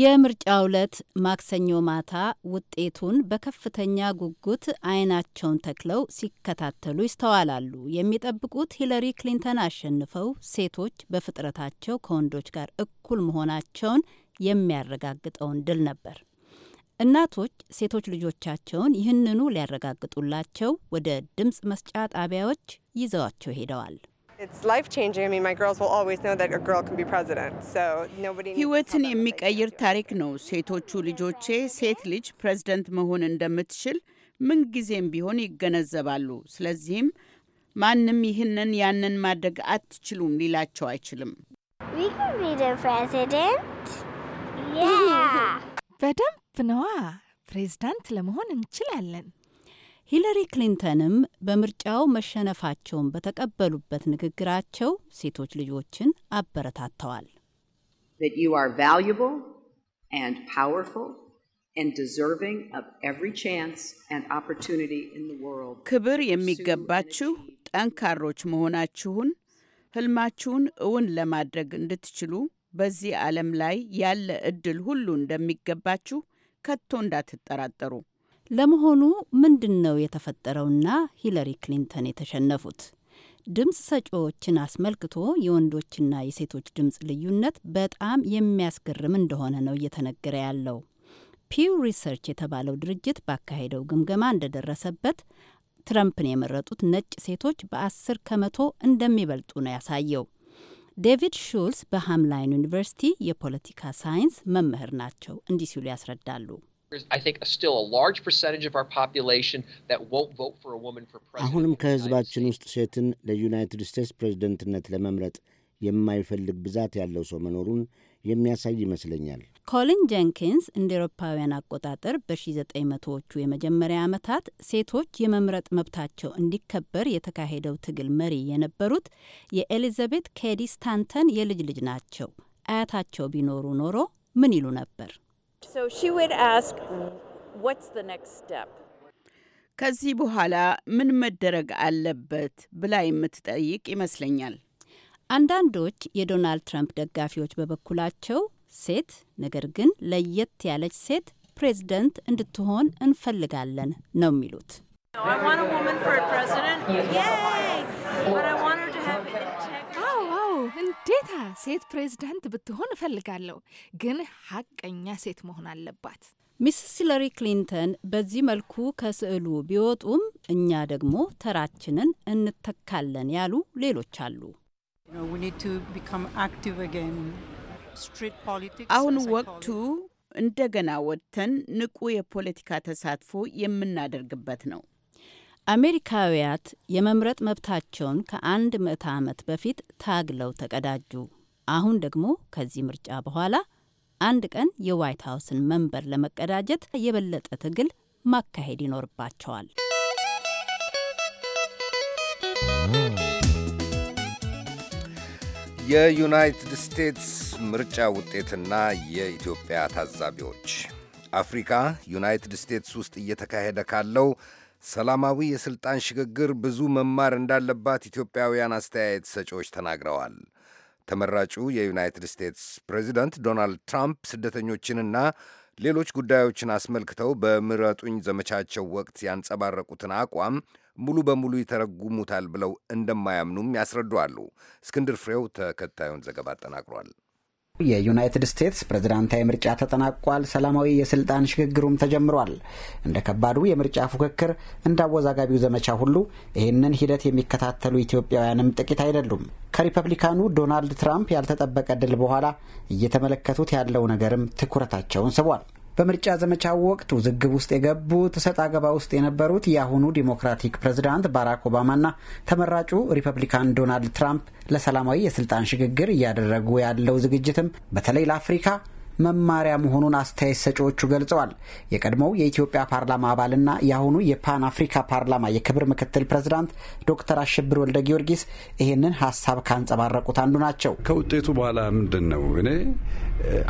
የምርጫው ዕለት ማክሰኞ ማታ ውጤቱን በከፍተኛ ጉጉት አይናቸውን ተክለው ሲከታተሉ ይስተዋላሉ። የሚጠብቁት ሂለሪ ክሊንተን አሸንፈው ሴቶች በፍጥረታቸው ከወንዶች ጋር እኩል መሆናቸውን የሚያረጋግጠውን ድል ነበር። እናቶች ሴቶች ልጆቻቸውን ይህንኑ ሊያረጋግጡላቸው ወደ ድምፅ መስጫ ጣቢያዎች ይዘዋቸው ሄደዋል። ህይወትን የሚቀይር ታሪክ ነው። ሴቶቹ ልጆቼ ሴት ልጅ ፕሬዝደንት መሆን እንደምትችል ምንጊዜም ቢሆን ይገነዘባሉ። ስለዚህም ማንም ይህንን ያንን ማድረግ አትችሉም ሊላቸው አይችልም። በደንብ ነዋ ፕሬዝዳንት ለመሆን እንችላለን። ሂለሪ ክሊንተንም በምርጫው መሸነፋቸውን በተቀበሉበት ንግግራቸው ሴቶች ልጆችን አበረታተዋል። ክብር የሚገባችሁ ጠንካሮች መሆናችሁን ህልማችሁን እውን ለማድረግ እንድትችሉ በዚህ ዓለም ላይ ያለ እድል ሁሉ እንደሚገባችሁ ከቶ እንዳትጠራጠሩ ለመሆኑ ምንድን ነው የተፈጠረውና ሂለሪ ክሊንተን የተሸነፉት? ድምፅ ሰጪዎችን አስመልክቶ የወንዶችና የሴቶች ድምፅ ልዩነት በጣም የሚያስገርም እንደሆነ ነው እየተነገረ ያለው። ፒው ሪሰርች የተባለው ድርጅት ባካሄደው ግምገማ እንደደረሰበት ትረምፕን የመረጡት ነጭ ሴቶች በአስር ከመቶ እንደሚበልጡ ነው ያሳየው። ዴቪድ ሹልስ በሃምላይን ዩኒቨርሲቲ የፖለቲካ ሳይንስ መምህር ናቸው። እንዲህ ሲሉ ያስረዳሉ። አሁንም ከህዝባችን ውስጥ ሴትን ለዩናይትድ ስቴትስ ፕሬዝደንትነት ለመምረጥ የማይፈልግ ብዛት ያለው ሰው መኖሩን የሚያሳይ ይመስለኛል። ኮሊን ጀንኪንስ እንደ ኤሮፓውያን አቆጣጠር በ1900ዎቹ የመጀመሪያ ዓመታት ሴቶች የመምረጥ መብታቸው እንዲከበር የተካሄደው ትግል መሪ የነበሩት የኤሊዛቤት ኬዲ ስታንተን የልጅ ልጅ ናቸው። አያታቸው ቢኖሩ ኖሮ ምን ይሉ ነበር? ከዚህ በኋላ ምን መደረግ አለበት ብላ የምትጠይቅ ይመስለኛል። አንዳንዶች የዶናልድ ትራምፕ ደጋፊዎች በበኩላቸው ሴት ነገር ግን ለየት ያለች ሴት ፕሬዝደንት እንድትሆን እንፈልጋለን ነው የሚሉት። እንዴታ! ሴት ፕሬዝዳንት ብትሆን እፈልጋለሁ፣ ግን ሀቀኛ ሴት መሆን አለባት። ሚስስ ሂለሪ ክሊንተን በዚህ መልኩ ከስዕሉ ቢወጡም እኛ ደግሞ ተራችንን እንተካለን ያሉ ሌሎች አሉ። አሁን ወቅቱ እንደገና ወጥተን ንቁ የፖለቲካ ተሳትፎ የምናደርግበት ነው። አሜሪካውያት የመምረጥ መብታቸውን ከአንድ ምዕተ ዓመት በፊት ታግለው ተቀዳጁ። አሁን ደግሞ ከዚህ ምርጫ በኋላ አንድ ቀን የዋይት ሀውስን መንበር ለመቀዳጀት የበለጠ ትግል ማካሄድ ይኖርባቸዋል። የዩናይትድ ስቴትስ ምርጫ ውጤትና የኢትዮጵያ ታዛቢዎች አፍሪካ ዩናይትድ ስቴትስ ውስጥ እየተካሄደ ካለው ሰላማዊ የሥልጣን ሽግግር ብዙ መማር እንዳለባት ኢትዮጵያውያን አስተያየት ሰጪዎች ተናግረዋል። ተመራጩ የዩናይትድ ስቴትስ ፕሬዚደንት ዶናልድ ትራምፕ ስደተኞችንና ሌሎች ጉዳዮችን አስመልክተው በምረጡኝ ዘመቻቸው ወቅት ያንጸባረቁትን አቋም ሙሉ በሙሉ ይተረጉሙታል ብለው እንደማያምኑም ያስረዷሉ። እስክንድር ፍሬው ተከታዩን ዘገባ አጠናቅሯል። የዩናይትድ ስቴትስ ፕሬዝዳንታዊ ምርጫ ተጠናቋል። ሰላማዊ የስልጣን ሽግግሩም ተጀምሯል። እንደ ከባዱ የምርጫ ፉክክር፣ እንደ አወዛጋቢው ዘመቻ ሁሉ ይህንን ሂደት የሚከታተሉ ኢትዮጵያውያንም ጥቂት አይደሉም። ከሪፐብሊካኑ ዶናልድ ትራምፕ ያልተጠበቀ ድል በኋላ እየተመለከቱት ያለው ነገርም ትኩረታቸውን ስቧል። በምርጫ ዘመቻው ወቅት ውዝግብ ውስጥ የገቡት ሰጥ አገባ ውስጥ የነበሩት የአሁኑ ዲሞክራቲክ ፕሬዝዳንት ባራክ ኦባማና ተመራጩ ሪፐብሊካን ዶናልድ ትራምፕ ለሰላማዊ የስልጣን ሽግግር እያደረጉ ያለው ዝግጅትም በተለይ ለአፍሪካ መማሪያ መሆኑን አስተያየት ሰጪዎቹ ገልጸዋል። የቀድሞው የኢትዮጵያ ፓርላማ አባልና የአሁኑ የፓን አፍሪካ ፓርላማ የክብር ምክትል ፕሬዝዳንት ዶክተር አሸብር ወልደ ጊዮርጊስ ይህንን ሀሳብ ካንጸባረቁት አንዱ ናቸው። ከውጤቱ በኋላ ምንድን ነው እኔ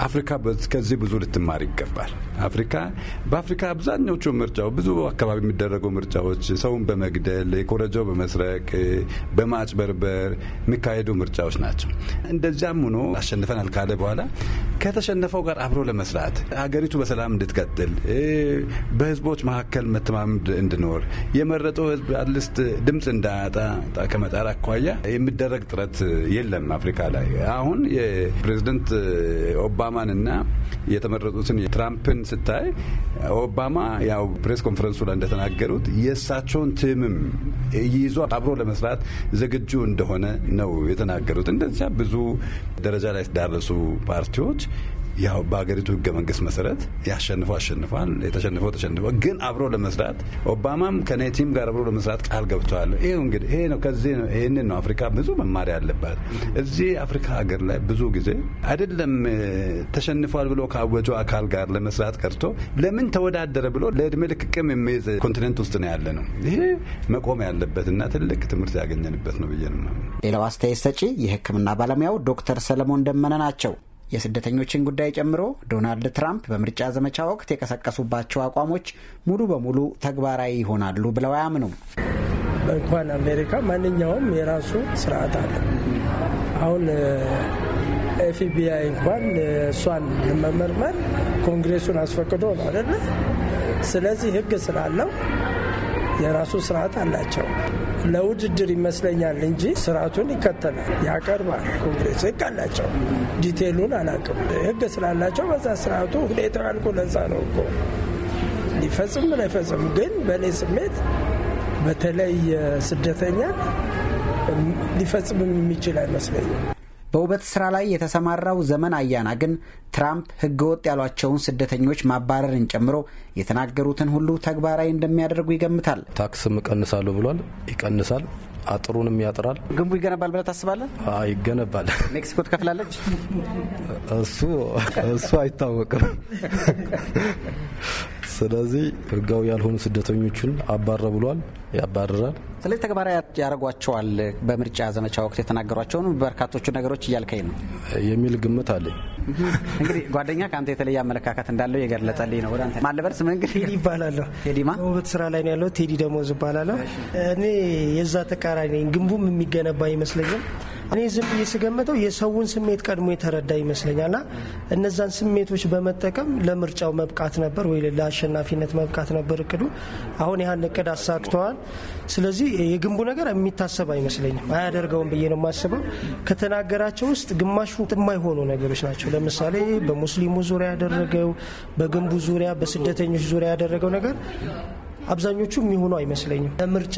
አፍሪካ ከዚህ ብዙ ልትማር ይገባል። አፍሪካ በአፍሪካ አብዛኞቹ ምርጫው ብዙ አካባቢ የሚደረጉ ምርጫዎች ሰውን በመግደል የኮረጆ በመስረቅ በማጭበርበር የሚካሄዱ ምርጫዎች ናቸው። እንደዚያም ሆኖ አሸንፈናል ካለ በኋላ ከተሸነፈው ጋር አብሮ ለመስራት ሀገሪቱ በሰላም እንድትቀጥል በህዝቦች መካከል መተማመድ እንዲኖር የመረጠው ህዝብ አትሊስት ድምፅ እንዳያጣ ከመጣር አኳያ የሚደረግ ጥረት የለም አፍሪካ ላይ አሁን የፕሬዚደንት ኦባማንና የተመረጡትን ትራምፕን ስታይ ኦባማ ያው ፕሬስ ኮንፈረንሱ ላይ እንደተናገሩት የእሳቸውን ትምም ይዞ አብሮ ለመስራት ዝግጁ እንደሆነ ነው የተናገሩት። እንደዚያ ብዙ ደረጃ ላይ ዳረሱ ፓርቲዎች ያው በሀገሪቱ ህገ መንግስት መሰረት ያሸንፈው አሸንፏል፣ የተሸንፈው ተሸንፏል። ግን አብሮ ለመስራት ኦባማም ከኔቲም ጋር አብሮ ለመስራት ቃል ገብተዋል። ይሄው እንግዲህ ይሄ ነው። ከዚህ ነው ይህንን ነው አፍሪካ ብዙ መማር ያለባት። እዚህ አፍሪካ ሀገር ላይ ብዙ ጊዜ አይደለም ተሸንፏል ብሎ ካወጁ አካል ጋር ለመስራት ቀርቶ ለምን ተወዳደረ ብሎ ለእድሜ ልክ ቅም የሚይዝ ኮንቲኔንት ውስጥ ነው ያለ ነው። ይሄ መቆም ያለበትና ትልቅ ትምህርት ያገኘንበት ነው ብዬ ነው። ሌላው አስተያየት ሰጪ የህክምና ባለሙያው ዶክተር ሰለሞን ደመነ ናቸው። የስደተኞችን ጉዳይ ጨምሮ ዶናልድ ትራምፕ በምርጫ ዘመቻ ወቅት የቀሰቀሱባቸው አቋሞች ሙሉ በሙሉ ተግባራዊ ይሆናሉ ብለው አያምኑም። እንኳን አሜሪካ ማንኛውም የራሱ ስርዓት አለ። አሁን ኤፍቢአይ እንኳን እሷን ለመመርመር ኮንግሬሱን አስፈቅዶ ነው አይደለ? ስለዚህ ህግ ስላለው የራሱ ስርዓት አላቸው። ለውድድር ይመስለኛል እንጂ ስርዓቱን ይከተላል፣ ያቀርባል። ኮንግሬስ ህግ አላቸው። ዲቴሉን አላውቅም። ህግ ስላላቸው በዛ ስርዓቱ ሁኔታው ያልኩ ለዛ ነው እኮ ሊፈጽም ላይፈጽም። ግን በእኔ ስሜት በተለይ ስደተኛ ሊፈጽም የሚችል አይመስለኝም። በውበት ስራ ላይ የተሰማራው ዘመን አያና ግን ትራምፕ ህገወጥ ያሏቸውን ስደተኞች ማባረርን ጨምሮ የተናገሩትን ሁሉ ተግባራዊ እንደሚያደርጉ ይገምታል። ታክስም እቀንሳለሁ ብሏል። ይቀንሳል። አጥሩንም ያጥራል። ግንቡ ይገነባል ብለህ ታስባለህ? ይገነባል። ሜክሲኮ ትከፍላለች። እሱ እሱ አይታወቅም። ስለዚህ ህጋዊ ያልሆኑ ስደተኞቹን አባረ ብሏል። ያባረራል። ስለዚህ ተግባራዊ ያደረጓቸዋል በምርጫ ዘመቻ ወቅት የተናገሯቸውን በርካቶቹ ነገሮች እያልከኝ ነው የሚል ግምት አለኝ። እንግዲህ ጓደኛ ከአንተ የተለየ አመለካከት እንዳለው የገለጸልኝ ነው። ወደ ማለበርስ እንግዲህ ቴዲ ይባላለሁ። ቴዲማ ውበት ስራ ላይ ነው ያለው። ቴዲ ደሞዝ ይባላለሁ። እኔ የዛ ተቃራኒ ግንቡም የሚገነባ አይመስለኝም። እኔ ዝም ብዬ ስገምተው የሰውን ስሜት ቀድሞ የተረዳ ይመስለኛልና እነዛን ስሜቶች በመጠቀም ለምርጫው መብቃት ነበር ወይ ለአሸናፊነት መብቃት ነበር እቅዱ። አሁን ያህን እቅድ አሳክተዋል። ስለዚህ የግንቡ ነገር የሚታሰብ አይመስለኝም። አያደርገውም ብዬ ነው የማስበው። ከተናገራቸው ውስጥ ግማሹ የማይሆኑ ነገሮች ናቸው። ለምሳሌ በሙስሊሙ ዙሪያ ያደረገው፣ በግንቡ ዙሪያ፣ በስደተኞች ዙሪያ ያደረገው ነገር አብዛኞቹ የሚሆኑ አይመስለኝም። ለምርጫ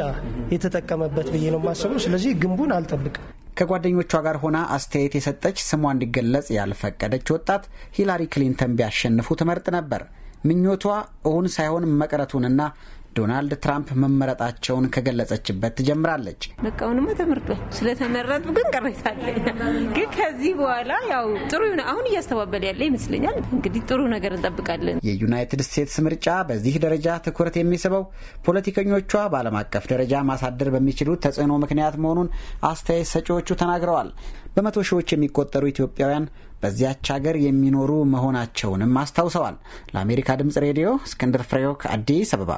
የተጠቀመበት ብዬ ነው የማስበው። ስለዚህ ግንቡን አልጠብቅም። ከጓደኞቿ ጋር ሆና አስተያየት የሰጠች ስሟ እንዲገለጽ ያልፈቀደች ወጣት ሂላሪ ክሊንተን ቢያሸንፉ ትመርጥ ነበር። ምኞቷ እውን ሳይሆን መቅረቱንና ዶናልድ ትራምፕ መመረጣቸውን ከገለጸችበት ትጀምራለች። በቃውንማ ተመርጧል። ስለተመረጡ ግን ቅሬታ ግን ከዚህ በኋላ ያው ጥሩ ይሁን አሁን እያስተባበለ ያለ ይመስለኛል። እንግዲህ ጥሩ ነገር እንጠብቃለን። የዩናይትድ ስቴትስ ምርጫ በዚህ ደረጃ ትኩረት የሚስበው ፖለቲከኞቿ በዓለም አቀፍ ደረጃ ማሳደር በሚችሉት ተጽዕኖ ምክንያት መሆኑን አስተያየት ሰጪዎቹ ተናግረዋል። በመቶ ሺዎች የሚቆጠሩ ኢትዮጵያውያን በዚያች ሀገር የሚኖሩ መሆናቸውንም አስታውሰዋል። ለአሜሪካ ድምጽ ሬዲዮ እስክንድር ፍሬው ከአዲስ አበባ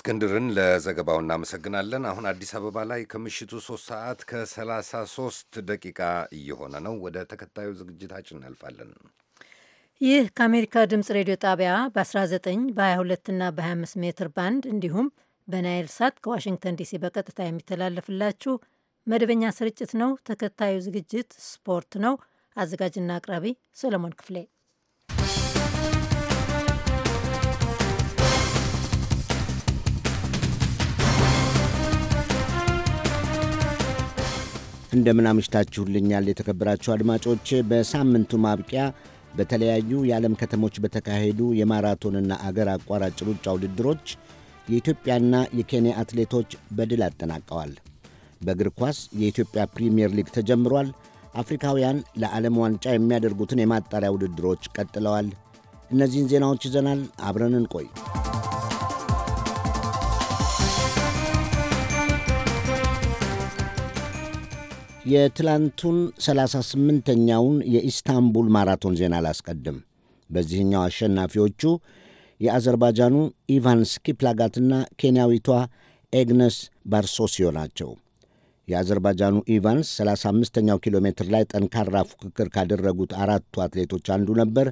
እስክንድርን ለዘገባው እናመሰግናለን። አሁን አዲስ አበባ ላይ ከምሽቱ ሶስት ሰዓት ከሰላሳ ሶስት ደቂቃ እየሆነ ነው። ወደ ተከታዩ ዝግጅታችን እናልፋለን። ይህ ከአሜሪካ ድምፅ ሬዲዮ ጣቢያ በ19 በ22ና በ25 ሜትር ባንድ እንዲሁም በናይል ሳት ከዋሽንግተን ዲሲ በቀጥታ የሚተላለፍላችሁ መደበኛ ስርጭት ነው። ተከታዩ ዝግጅት ስፖርት ነው። አዘጋጅና አቅራቢ ሰለሞን ክፍሌ እንደምን አምሽታችሁልኛል የተከበራችሁ አድማጮች። በሳምንቱ ማብቂያ በተለያዩ የዓለም ከተሞች በተካሄዱ የማራቶንና አገር አቋራጭ ሩጫ ውድድሮች የኢትዮጵያና የኬንያ አትሌቶች በድል አጠናቀዋል። በእግር ኳስ የኢትዮጵያ ፕሪምየር ሊግ ተጀምሯል። አፍሪካውያን ለዓለም ዋንጫ የሚያደርጉትን የማጣሪያ ውድድሮች ቀጥለዋል። እነዚህን ዜናዎች ይዘናል። አብረን እንቆይ። የትላንቱን 38ኛውን የኢስታንቡል ማራቶን ዜና ላስቀድም። በዚህኛው አሸናፊዎቹ የአዘርባጃኑ ኢቫንስ ኪፕላጋትና ኬንያዊቷ ኤግነስ ባርሶሲዮ ናቸው። የአዘርባጃኑ ኢቫንስ 35ኛው ኪሎ ሜትር ላይ ጠንካራ ፉክክር ካደረጉት አራቱ አትሌቶች አንዱ ነበር።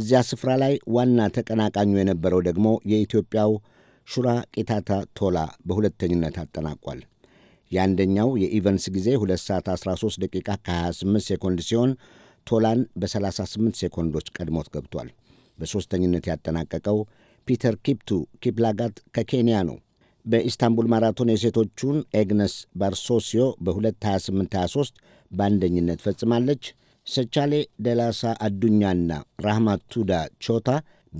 እዚያ ስፍራ ላይ ዋና ተቀናቃኙ የነበረው ደግሞ የኢትዮጵያው ሹራ ቂታታ ቶላ በሁለተኝነት አጠናቋል። የአንደኛው የኢቨንስ ጊዜ 2 ሰዓት 13 ደቂቃ ከ28 ሴኮንድ ሲሆን ቶላን በ38 ሴኮንዶች ቀድሞት ገብቷል። በሦስተኝነት ያጠናቀቀው ፒተር ኪፕቱ ኪፕላጋት ከኬንያ ነው። በኢስታንቡል ማራቶን የሴቶቹን ኤግነስ ባርሶሲዮ በ22823 በአንደኝነት ፈጽማለች። ሰቻሌ ደላሳ አዱኛና ራህማቱዳ ቾታ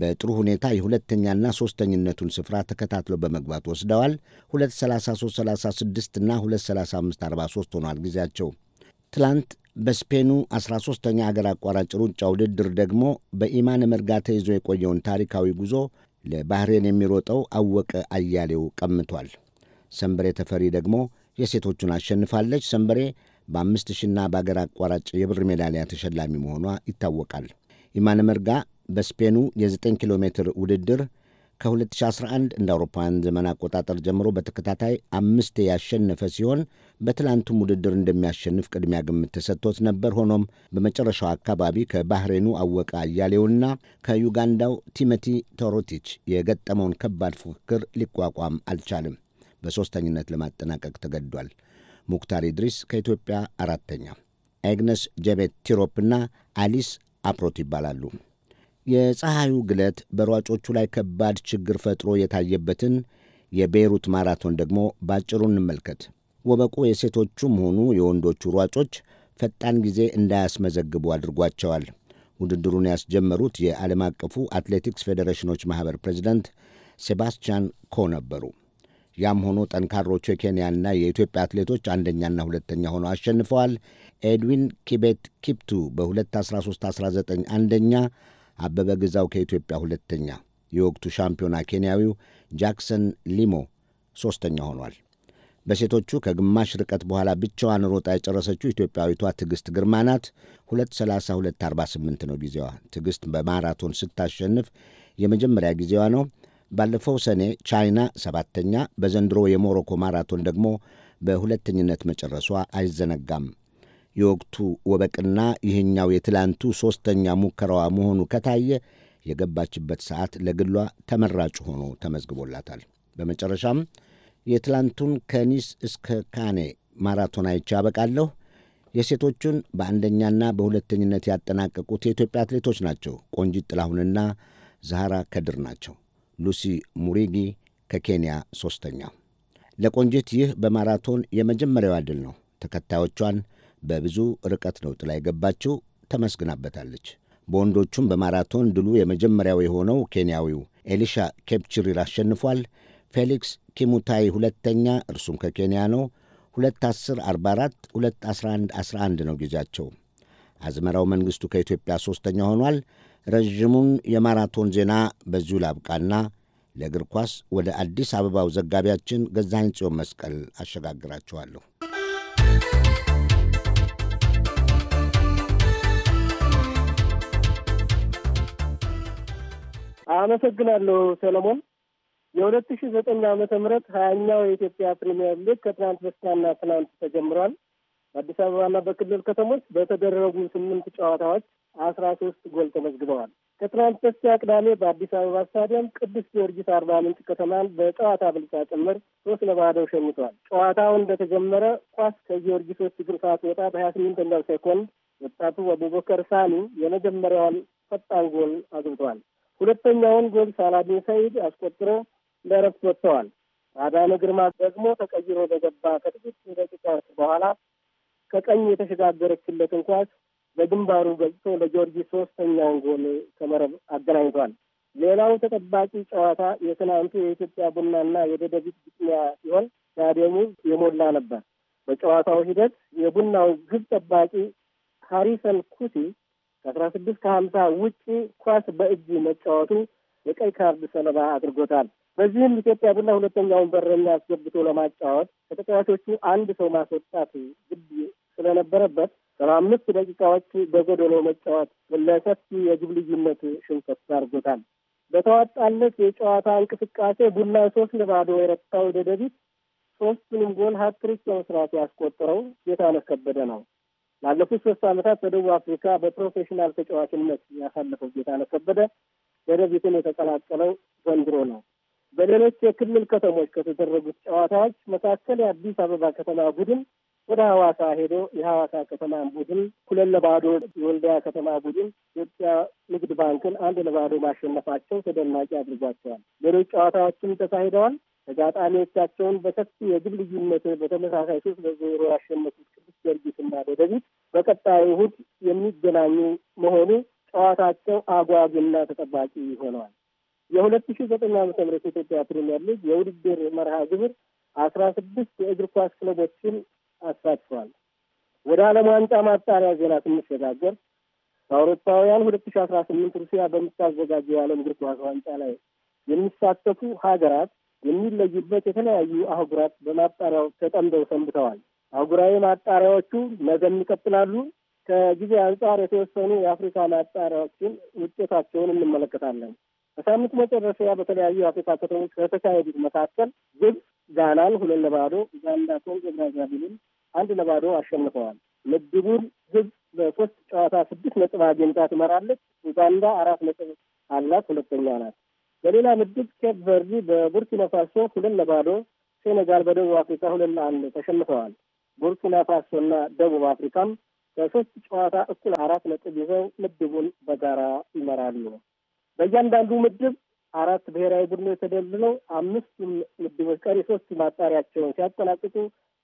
በጥሩ ሁኔታ የሁለተኛና ሦስተኝነቱን ስፍራ ተከታትሎ በመግባት ወስደዋል። 233336 እና 23543 ሆኗል ጊዜያቸው። ትላንት በስፔኑ 13ተኛ አገር አቋራጭ ሩጫ ውድድር ደግሞ በኢማነ መርጋ ተይዞ የቆየውን ታሪካዊ ጉዞ ለባህሬን የሚሮጠው አወቀ አያሌው ቀምቷል። ሰንበሬ ተፈሪ ደግሞ የሴቶቹን አሸንፋለች። ሰንበሬ በአምስት ሺና በአገር አቋራጭ የብር ሜዳሊያ ተሸላሚ መሆኗ ይታወቃል። ኢማነ መርጋ በስፔኑ የ9 ኪሎ ሜትር ውድድር ከ2011 እንደ አውሮፓውያን ዘመን አቆጣጠር ጀምሮ በተከታታይ አምስት ያሸነፈ ሲሆን በትላንቱም ውድድር እንደሚያሸንፍ ቅድሚያ ግምት ተሰጥቶት ነበር። ሆኖም በመጨረሻው አካባቢ ከባህሬኑ አወቀ አያሌውና ከዩጋንዳው ቲሞቲ ቶሮቲች የገጠመውን ከባድ ፉክክር ሊቋቋም አልቻልም። በሦስተኝነት ለማጠናቀቅ ተገዷል። ሙክታር ኢድሪስ ከኢትዮጵያ አራተኛ፣ ኤግነስ ጀቤት ቲሮፕና አሊስ አፕሮት ይባላሉ። የፀሐዩ ግለት በሯጮቹ ላይ ከባድ ችግር ፈጥሮ የታየበትን የቤይሩት ማራቶን ደግሞ ባጭሩ እንመልከት። ወበቁ የሴቶቹም ሆኑ የወንዶቹ ሯጮች ፈጣን ጊዜ እንዳያስመዘግቡ አድርጓቸዋል። ውድድሩን ያስጀመሩት የዓለም አቀፉ አትሌቲክስ ፌዴሬሽኖች ማኅበር ፕሬዚደንት ሴባስቲያን ኮ ነበሩ። ያም ሆኖ ጠንካሮቹ የኬንያና የኢትዮጵያ አትሌቶች አንደኛና ሁለተኛ ሆነው አሸንፈዋል። ኤድዊን ኪቤት ኪፕቱ በ21319 አንደኛ አበበ ግዛው ከኢትዮጵያ ሁለተኛ፣ የወቅቱ ሻምፒዮና ኬንያዊው ጃክሰን ሊሞ ሦስተኛ ሆኗል። በሴቶቹ ከግማሽ ርቀት በኋላ ብቻዋን ሮጣ የጨረሰችው ኢትዮጵያዊቷ ትዕግስት ግርማ ናት። 2:32:48 ነው ጊዜዋ። ትዕግስት በማራቶን ስታሸንፍ የመጀመሪያ ጊዜዋ ነው። ባለፈው ሰኔ ቻይና ሰባተኛ፣ በዘንድሮ የሞሮኮ ማራቶን ደግሞ በሁለተኝነት መጨረሷ አይዘነጋም። የወቅቱ ወበቅና ይህኛው የትላንቱ ሦስተኛ ሙከራዋ መሆኑ ከታየ የገባችበት ሰዓት ለግሏ ተመራጭ ሆኖ ተመዝግቦላታል። በመጨረሻም የትላንቱን ከኒስ እስከ ካኔ ማራቶን አይቼ አበቃለሁ። የሴቶቹን በአንደኛና በሁለተኝነት ያጠናቀቁት የኢትዮጵያ አትሌቶች ናቸው። ቆንጂት ጥላሁንና ዛሃራ ከድር ናቸው። ሉሲ ሙሪጊ ከኬንያ ሦስተኛ። ለቆንጂት ይህ በማራቶን የመጀመሪያው ድል ነው። ተከታዮቿን በብዙ ርቀት ነው ጥላ የገባችው። ተመስግናበታለች። በወንዶቹም በማራቶን ድሉ የመጀመሪያው የሆነው ኬንያዊው ኤሊሻ ኬፕችሪር አሸንፏል። ፌሊክስ ኪሙታይ ሁለተኛ፣ እርሱም ከኬንያ ነው። 2:10:44 2:11:11 ነው ጊዜያቸው። አዝመራው መንግሥቱ ከኢትዮጵያ ሦስተኛ ሆኗል። ረዥሙን የማራቶን ዜና በዚሁ ላብቃና ለእግር ኳስ ወደ አዲስ አበባው ዘጋቢያችን ገዛኝ ጽዮን መስቀል አሸጋግራችኋለሁ። አመሰግናለሁ ሰለሞን። የሁለት ሺ ዘጠኝ ዓመተ ምህረት ሀያኛው የኢትዮጵያ ፕሪሚየር ሊግ ከትናንት በስቲያና ትናንት ተጀምሯል። በአዲስ አበባና በክልል ከተሞች በተደረጉ ስምንት ጨዋታዎች አስራ ሶስት ጎል ተመዝግበዋል። ከትናንት በስቲያ ቅዳሜ በአዲስ አበባ ስታዲየም ቅዱስ ጊዮርጊስ አርባ ምንጭ ከተማን በጨዋታ ብልጫ ጭምር ሶስት ለባዶ ሸኝቷል። ጨዋታው እንደተጀመረ ኳስ ከጊዮርጊሶች እግር ወጣ በሀያ ስምንተኛው ሴኮንድ ወጣቱ አቡበከር ሳኒ የመጀመሪያዋን ፈጣን ጎል አግብቷል። ሁለተኛውን ጎል ሳላዲን ሰይድ አስቆጥሮ ለረፍት ወጥተዋል። አዳነ ግርማ ደግሞ ተቀይሮ በገባ ከጥቂት ደቂቃዎች በኋላ ከቀኝ የተሸጋገረችለትን ኳስ በግንባሩ ገጽቶ ለጊዮርጊስ ሶስተኛውን ጎል ከመረብ አገናኝቷል። ሌላው ተጠባቂ ጨዋታ የትናንቱ የኢትዮጵያ ቡናና የደደቢት ግጥሚያ ሲሆን ስታዲየሙ የሞላ ነበር። በጨዋታው ሂደት የቡናው ግብ ጠባቂ ሃሪሰን ኩሲ ከአስራ ስድስት ከሀምሳ ውጪ ኳስ በእጅ መጫወቱ የቀይ ካርድ ሰለባ አድርጎታል። በዚህም ኢትዮጵያ ቡና ሁለተኛውን በረኛ አስገብቶ ለማጫወት ከተጫዋቾቹ አንድ ሰው ማስወጣት ግድ ስለነበረበት ሰባ አምስት ደቂቃዎች በጎደሎ መጫወት ለሰፊ የግብ ልዩነት ሽንፈት ዳርጎታል። በተዋጣለት የጨዋታ እንቅስቃሴ ቡና ሶስት ለባዶ የረታው ደደቢት ሶስቱንም ጎል ሀትሪክ በመስራት ያስቆጠረው ጌታነህ ከበደ ነው። ላለፉት ሶስት ዓመታት በደቡብ አፍሪካ በፕሮፌሽናል ተጫዋችነት ያሳለፈው ጌታነህ ከበደ ደደቢትን የተቀላቀለው ዘንድሮ ነው። በሌሎች የክልል ከተሞች ከተደረጉት ጨዋታዎች መካከል የአዲስ አበባ ከተማ ቡድን ወደ ሐዋሳ ሄዶ የሐዋሳ ከተማ ቡድን ሁለት ለባዶ፣ የወልዲያ ከተማ ቡድን ኢትዮጵያ ንግድ ባንክን አንድ ለባዶ ማሸነፋቸው ተደናቂ አድርጓቸዋል። ሌሎች ጨዋታዎችም ተካሂደዋል። ተጋጣሚዎቻቸውን በሰፊ የግብ ልዩነት በተመሳሳይ ሶስት ለዜሮ ያሸነፉት ጊዮርጊስና ደደቢት በቀጣዩ እሁድ የሚገናኙ መሆኑ ጨዋታቸው አጓጊና ተጠባቂ ሆነዋል። የሁለት ሺ ዘጠኝ ዓመተ ምህረት የኢትዮጵያ ፕሪሚየር ሊግ የውድድር መርሃ ግብር አስራ ስድስት የእግር ኳስ ክለቦችን አሳትፏል። ወደ ዓለም ዋንጫ ማጣሪያ ዜና ስንሸጋገር በአውሮፓውያን ሁለት ሺ አስራ ስምንት ሩሲያ በምታዘጋጀው የዓለም እግር ኳስ ዋንጫ ላይ የሚሳተፉ ሀገራት የሚለዩበት የተለያዩ አህጉራት በማጣሪያው ተጠምደው ሰንብተዋል። አህጉራዊ ማጣሪያዎቹ ነገም ይቀጥላሉ። ከጊዜ አንጻር የተወሰኑ የአፍሪካ ማጣሪያዎችን ውጤታቸውን እንመለከታለን። በሳምንት መጨረሻ በተለያዩ የአፍሪካ ከተሞች ከተካሄዱት መካከል ግብጽ ጋናን ሁለት ለባዶ፣ ኡጋንዳ ኮንጎ ብራዛቪልን አንድ ለባዶ አሸንፈዋል። ምድቡን ግብ በሶስት ጨዋታ ስድስት ነጥብ አግኝታ ትመራለች። ኡጋንዳ አራት ነጥብ አላት፣ ሁለተኛ ናት። በሌላ ምድብ ኬፕ ቨርዲ በቡርኪና ፋሶ ሁለት ለባዶ፣ ሴኔጋል በደቡብ አፍሪካ ሁለት ለአንድ ተሸንፈዋል። ቡርኪና ፋሶና ደቡብ አፍሪካም በሶስት ጨዋታ እኩል አራት ነጥብ ይዘው ምድቡን በጋራ ይመራሉ። በእያንዳንዱ ምድብ አራት ብሔራዊ ቡድኖች ተደልድለው አምስቱም ምድቦች ቀሪ ሶስቱ ማጣሪያቸውን ሲያጠናቅቁ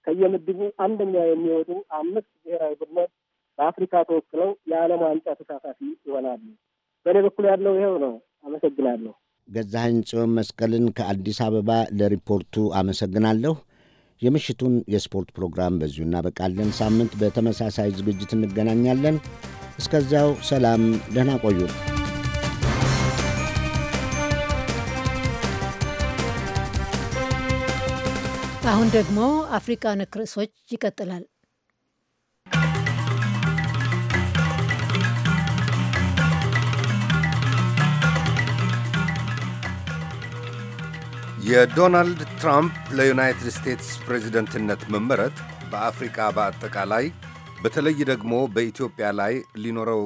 ከየምድቡ አንደኛ የሚወጡ አምስት ብሔራዊ ቡድኖች በአፍሪካ ተወክለው የዓለም ዋንጫ ተሳታፊ ይሆናሉ። በእኔ በኩል ያለው ይኸው ነው። አመሰግናለሁ። ገዛኸኝ ጽዮን መስቀልን ከአዲስ አበባ ለሪፖርቱ አመሰግናለሁ። የምሽቱን የስፖርት ፕሮግራም በዚሁ እናበቃለን። ሳምንት በተመሳሳይ ዝግጅት እንገናኛለን። እስከዚያው ሰላም፣ ደህና ቆዩ። አሁን ደግሞ አፍሪካ ነክ ርዕሶች ይቀጥላል። የዶናልድ ትራምፕ ለዩናይትድ ስቴትስ ፕሬዚደንትነት መመረጥ በአፍሪካ በአጠቃላይ በተለይ ደግሞ በኢትዮጵያ ላይ ሊኖረው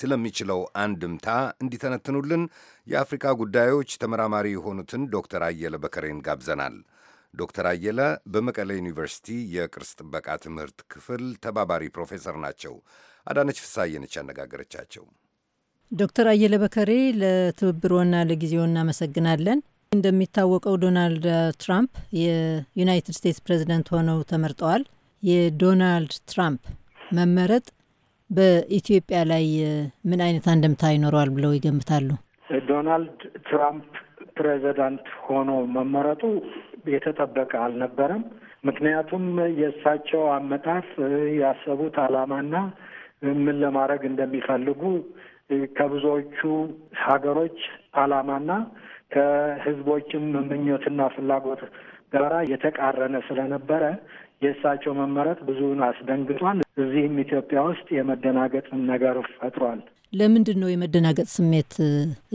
ስለሚችለው አንድምታ እንዲተነትኑልን የአፍሪካ ጉዳዮች ተመራማሪ የሆኑትን ዶክተር አየለ በከሬን ጋብዘናል። ዶክተር አየለ በመቀለ ዩኒቨርሲቲ የቅርስ ጥበቃ ትምህርት ክፍል ተባባሪ ፕሮፌሰር ናቸው። አዳነች ፍሳየነች ያነጋገረቻቸው። ዶክተር አየለ በከሬ ለትብብሮና ለጊዜው እናመሰግናለን። እንደሚታወቀው ዶናልድ ትራምፕ የዩናይትድ ስቴትስ ፕሬዚደንት ሆነው ተመርጠዋል። የዶናልድ ትራምፕ መመረጥ በኢትዮጵያ ላይ ምን አይነት አንድምታ ይኖረዋል ብለው ይገምታሉ? ዶናልድ ትራምፕ ፕሬዚዳንት ሆኖ መመረጡ የተጠበቀ አልነበረም። ምክንያቱም የእሳቸው አመጣፍ ያሰቡት ዓላማና ምን ለማድረግ እንደሚፈልጉ ከብዙዎቹ ሀገሮች ዓላማና ከህዝቦችም ምኞትና ፍላጎት ጋራ የተቃረነ ስለነበረ የእሳቸው መመረጥ ብዙውን አስደንግጧል። እዚህም ኢትዮጵያ ውስጥ የመደናገጥ ነገር ፈጥሯል። ለምንድን ነው የመደናገጥ ስሜት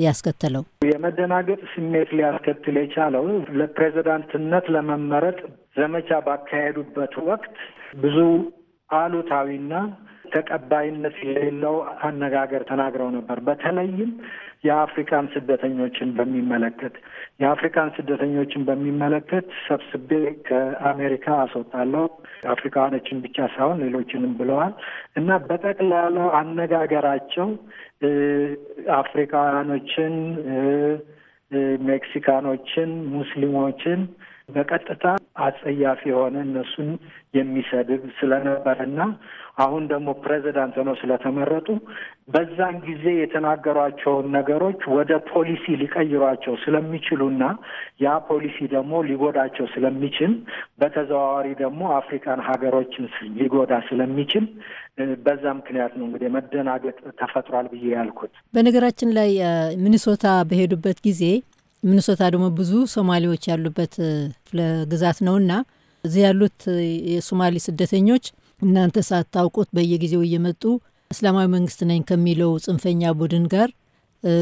ያስከተለው? የመደናገጥ ስሜት ሊያስከትል የቻለው ለፕሬዚዳንትነት ለመመረጥ ዘመቻ ባካሄዱበት ወቅት ብዙ አሉታዊና ተቀባይነት የሌለው አነጋገር ተናግረው ነበር። በተለይም የአፍሪካን ስደተኞችን በሚመለከት የአፍሪካን ስደተኞችን በሚመለከት ሰብስቤ ከአሜሪካ አስወጣለሁ። አፍሪካውያኖችን ብቻ ሳይሆን ሌሎችንም ብለዋል እና በጠቅላላው አነጋገራቸው አፍሪካውያኖችን፣ ሜክሲካኖችን፣ ሙስሊሞችን በቀጥታ አጸያፊ የሆነ እነሱን የሚሰድብ ስለነበረና አሁን ደግሞ ፕሬዚዳንት ሆነው ስለተመረጡ በዛን ጊዜ የተናገሯቸውን ነገሮች ወደ ፖሊሲ ሊቀይሯቸው ስለሚችሉና ያ ፖሊሲ ደግሞ ሊጎዳቸው ስለሚችል በተዘዋዋሪ ደግሞ አፍሪካን ሀገሮችን ሊጎዳ ስለሚችል በዛ ምክንያት ነው እንግዲህ መደናገጥ ተፈጥሯል ብዬ ያልኩት። በነገራችን ላይ ሚኒሶታ በሄዱበት ጊዜ ሚኒሶታ ደግሞ ብዙ ሶማሌዎች ያሉበት ክፍለ ግዛት ነውና እዚህ ያሉት የሶማሌ ስደተኞች እናንተ ሳታውቁት በየጊዜው እየመጡ እስላማዊ መንግስት ነኝ ከሚለው ጽንፈኛ ቡድን ጋር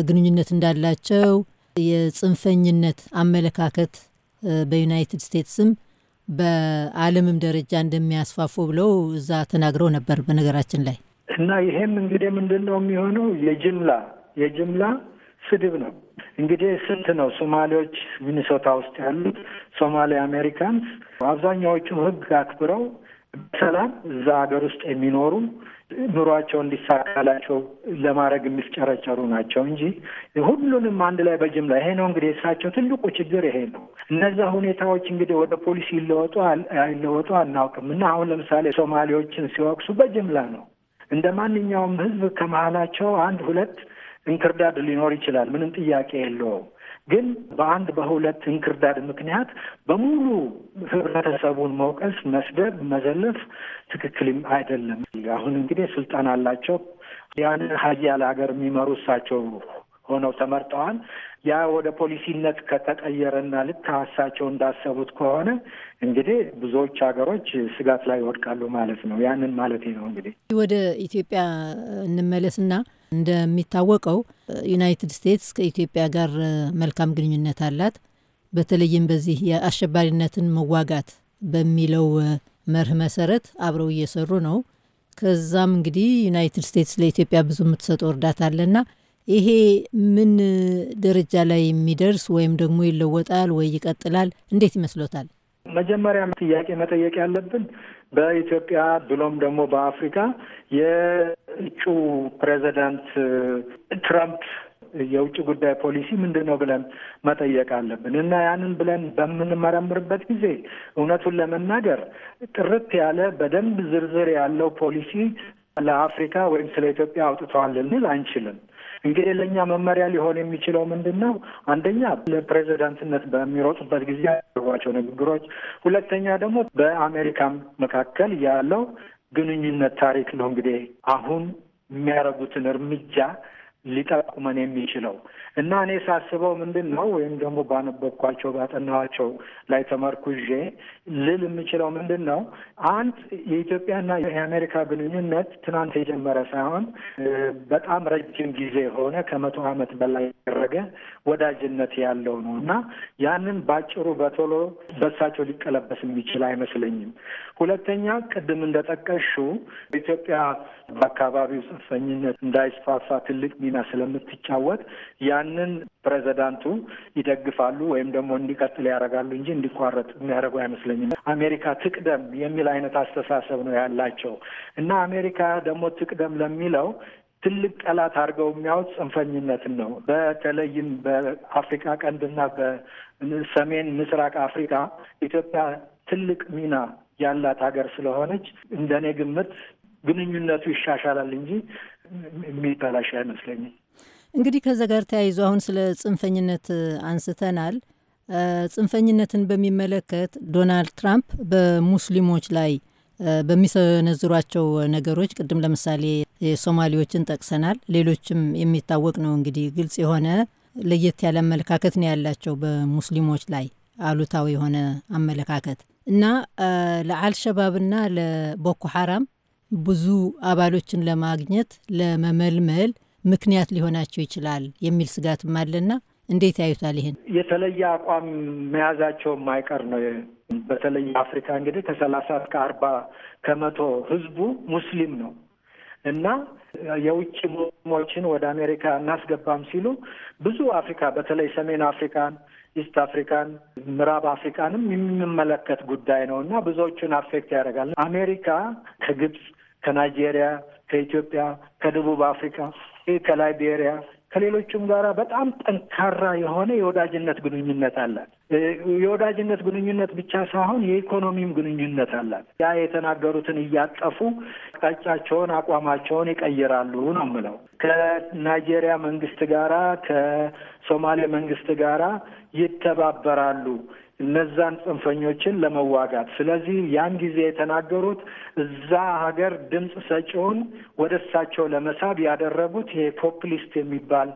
ግንኙነት እንዳላቸው የጽንፈኝነት አመለካከት በዩናይትድ ስቴትስም በዓለምም ደረጃ እንደሚያስፋፉ ብለው እዛ ተናግረው ነበር። በነገራችን ላይ እና ይሄም እንግዲህ ምንድን ነው የሚሆነው የጅምላ የጅምላ ስድብ ነው። እንግዲህ ስንት ነው ሶማሌዎች ሚኒሶታ ውስጥ ያሉት ሶማሌ አሜሪካንስ አብዛኛዎቹ ህግ አክብረው በሰላም እዛ ሀገር ውስጥ የሚኖሩ ኑሯቸው እንዲሳካላቸው ለማድረግ የሚፍጨረጨሩ ናቸው እንጂ ሁሉንም አንድ ላይ በጅምላ ይሄ ነው እንግዲህ የእሳቸው ትልቁ ችግር ይሄ ነው። እነዛ ሁኔታዎች እንግዲህ ወደ ፖሊስ ይለወጡ አይለወጡ አናውቅም። እና አሁን ለምሳሌ ሶማሌዎችን ሲወቅሱ በጅምላ ነው። እንደ ማንኛውም ህዝብ ከመሀላቸው አንድ ሁለት እንክርዳድ ሊኖር ይችላል። ምንም ጥያቄ የለውም። ግን በአንድ በሁለት እንክርዳድ ምክንያት በሙሉ ህብረተሰቡን መውቀስ፣ መስደብ፣ መዘለፍ ትክክልም አይደለም። አሁን እንግዲህ ስልጣን አላቸው። ያን ሀያል ሀገር የሚመሩ እሳቸው ሆነው ተመርጠዋል። ያ ወደ ፖሊሲነት ከተቀየረና ልክ ሀሳቸው እንዳሰቡት ከሆነ እንግዲህ ብዙዎች ሀገሮች ስጋት ላይ ይወድቃሉ ማለት ነው። ያንን ማለት ነው። እንግዲህ ወደ ኢትዮጵያ እንመለስና እንደሚታወቀው ዩናይትድ ስቴትስ ከኢትዮጵያ ጋር መልካም ግንኙነት አላት። በተለይም በዚህ የአሸባሪነትን መዋጋት በሚለው መርህ መሰረት አብረው እየሰሩ ነው። ከዛም እንግዲህ ዩናይትድ ስቴትስ ለኢትዮጵያ ብዙ የምትሰጠው እርዳታ አለና ይሄ ምን ደረጃ ላይ የሚደርስ ወይም ደግሞ ይለወጣል ወይ ይቀጥላል? እንዴት ይመስሎታል? መጀመሪያ ጥያቄ መጠየቅ ያለብን በኢትዮጵያ ብሎም ደግሞ በአፍሪካ የእጩ ፕሬዚዳንት ትራምፕ የውጭ ጉዳይ ፖሊሲ ምንድን ነው ብለን መጠየቅ አለብን እና ያንን ብለን በምንመረምርበት ጊዜ እውነቱን ለመናገር ጥርት ያለ በደንብ ዝርዝር ያለው ፖሊሲ ለአፍሪካ ወይም ስለ ኢትዮጵያ አውጥተዋል ልንል አንችልም። እንግዲህ ለእኛ መመሪያ ሊሆን የሚችለው ምንድን ነው? አንደኛ ለፕሬዚዳንትነት በሚሮጡበት ጊዜ ያደርጓቸው ንግግሮች፣ ሁለተኛ ደግሞ በአሜሪካም መካከል ያለው ግንኙነት ታሪክ ነው። እንግዲህ አሁን የሚያደርጉትን እርምጃ ሊጠቁመን የሚችለው እና እኔ ሳስበው ምንድን ነው ወይም ደግሞ ባነበብኳቸው ባጠናዋቸው ላይ ተመርኩዤ ልል የምችለው ምንድን ነው አንድ የኢትዮጵያና የአሜሪካ ግንኙነት ትናንት የጀመረ ሳይሆን በጣም ረጅም ጊዜ የሆነ ከመቶ ዓመት በላይ ያደረገ ወዳጅነት ያለው ነው እና ያንን ባጭሩ በቶሎ በሳቸው ሊቀለበስ የሚችል አይመስለኝም። ሁለተኛ ቅድም እንደጠቀሹ ኢትዮጵያ በአካባቢው ጽንፈኝነት እንዳይስፋፋ ትልቅ ሚና ሚና ስለምትጫወት ያንን ፕሬዚዳንቱ ይደግፋሉ ወይም ደግሞ እንዲቀጥል ያደርጋሉ እንጂ እንዲቋረጥ የሚያደርጉ አይመስለኝም። አሜሪካ ትቅደም የሚል አይነት አስተሳሰብ ነው ያላቸው እና አሜሪካ ደግሞ ትቅደም ለሚለው ትልቅ ጠላት አድርገው የሚያዩት ጽንፈኝነትን ነው። በተለይም በአፍሪካ ቀንድና በሰሜን ምስራቅ አፍሪካ ኢትዮጵያ ትልቅ ሚና ያላት ሀገር ስለሆነች እንደኔ ግምት ግንኙነቱ ይሻሻላል እንጂ የሚበላሽ አይመስለኝም። እንግዲህ ከዛ ጋር ተያይዞ አሁን ስለ ጽንፈኝነት አንስተናል። ጽንፈኝነትን በሚመለከት ዶናልድ ትራምፕ በሙስሊሞች ላይ በሚሰነዝሯቸው ነገሮች ቅድም ለምሳሌ የሶማሌዎችን ጠቅሰናል። ሌሎችም የሚታወቅ ነው እንግዲህ ግልጽ የሆነ ለየት ያለ አመለካከት ነው ያላቸው በሙስሊሞች ላይ አሉታዊ የሆነ አመለካከት እና ለአልሸባብና ለቦኮ ሐራም ብዙ አባሎችን ለማግኘት ለመመልመል ምክንያት ሊሆናቸው ይችላል የሚል ስጋትም አለና እንዴት ያዩታል? ይህን የተለየ አቋም መያዛቸው የማይቀር ነው። በተለይ አፍሪካ እንግዲህ ከሰላሳ እስከ አርባ ከመቶ ህዝቡ ሙስሊም ነው እና የውጭ ሙስሊሞችን ወደ አሜሪካ እናስገባም ሲሉ ብዙ አፍሪካ በተለይ ሰሜን አፍሪካን፣ ኢስት አፍሪካን፣ ምዕራብ አፍሪካንም የሚመለከት ጉዳይ ነው እና ብዙዎቹን አፌክት ያደርጋል። አሜሪካ ከግብፅ ከናይጄሪያ፣ ከኢትዮጵያ፣ ከደቡብ አፍሪካ፣ ከላይቤሪያ ከሌሎችም ጋራ በጣም ጠንካራ የሆነ የወዳጅነት ግንኙነት አላት። የወዳጅነት ግንኙነት ብቻ ሳይሆን የኢኮኖሚም ግንኙነት አላት። ያ የተናገሩትን እያጠፉ አቅጣጫቸውን፣ አቋማቸውን ይቀይራሉ ነው የምለው። ከናይጄሪያ መንግስት ጋራ ከሶማሌ መንግስት ጋራ ይተባበራሉ። እነዛን ጽንፈኞችን ለመዋጋት። ስለዚህ ያን ጊዜ የተናገሩት እዛ ሀገር ድምፅ ሰጪውን ወደ እሳቸው ለመሳብ ያደረጉት ይሄ ፖፕሊስት የሚባል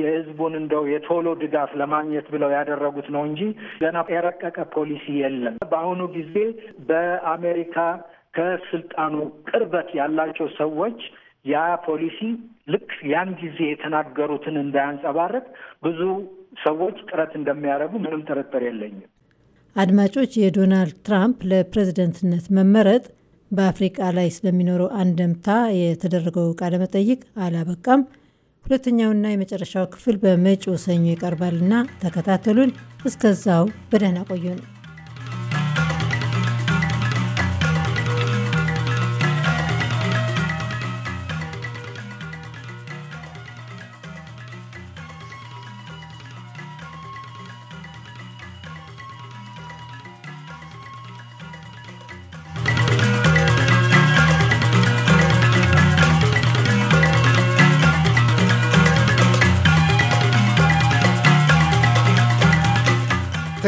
የህዝቡን እንደው የቶሎ ድጋፍ ለማግኘት ብለው ያደረጉት ነው እንጂ ገና የረቀቀ ፖሊሲ የለም። በአሁኑ ጊዜ በአሜሪካ ከስልጣኑ ቅርበት ያላቸው ሰዎች ያ ፖሊሲ ልክ ያን ጊዜ የተናገሩትን እንዳያንጸባረቅ ብዙ ሰዎች ጥረት እንደሚያደርጉ ምንም ጥርጥር የለኝም። አድማጮች፣ የዶናልድ ትራምፕ ለፕሬዝደንትነት መመረጥ በአፍሪቃ ላይ ስለሚኖረው አንደምታ የተደረገው ቃለ መጠይቅ አላበቃም። ሁለተኛውና የመጨረሻው ክፍል በመጪው ሰኞ ይቀርባልና ተከታተሉን። እስከዛው በደህና ቆዩ ነው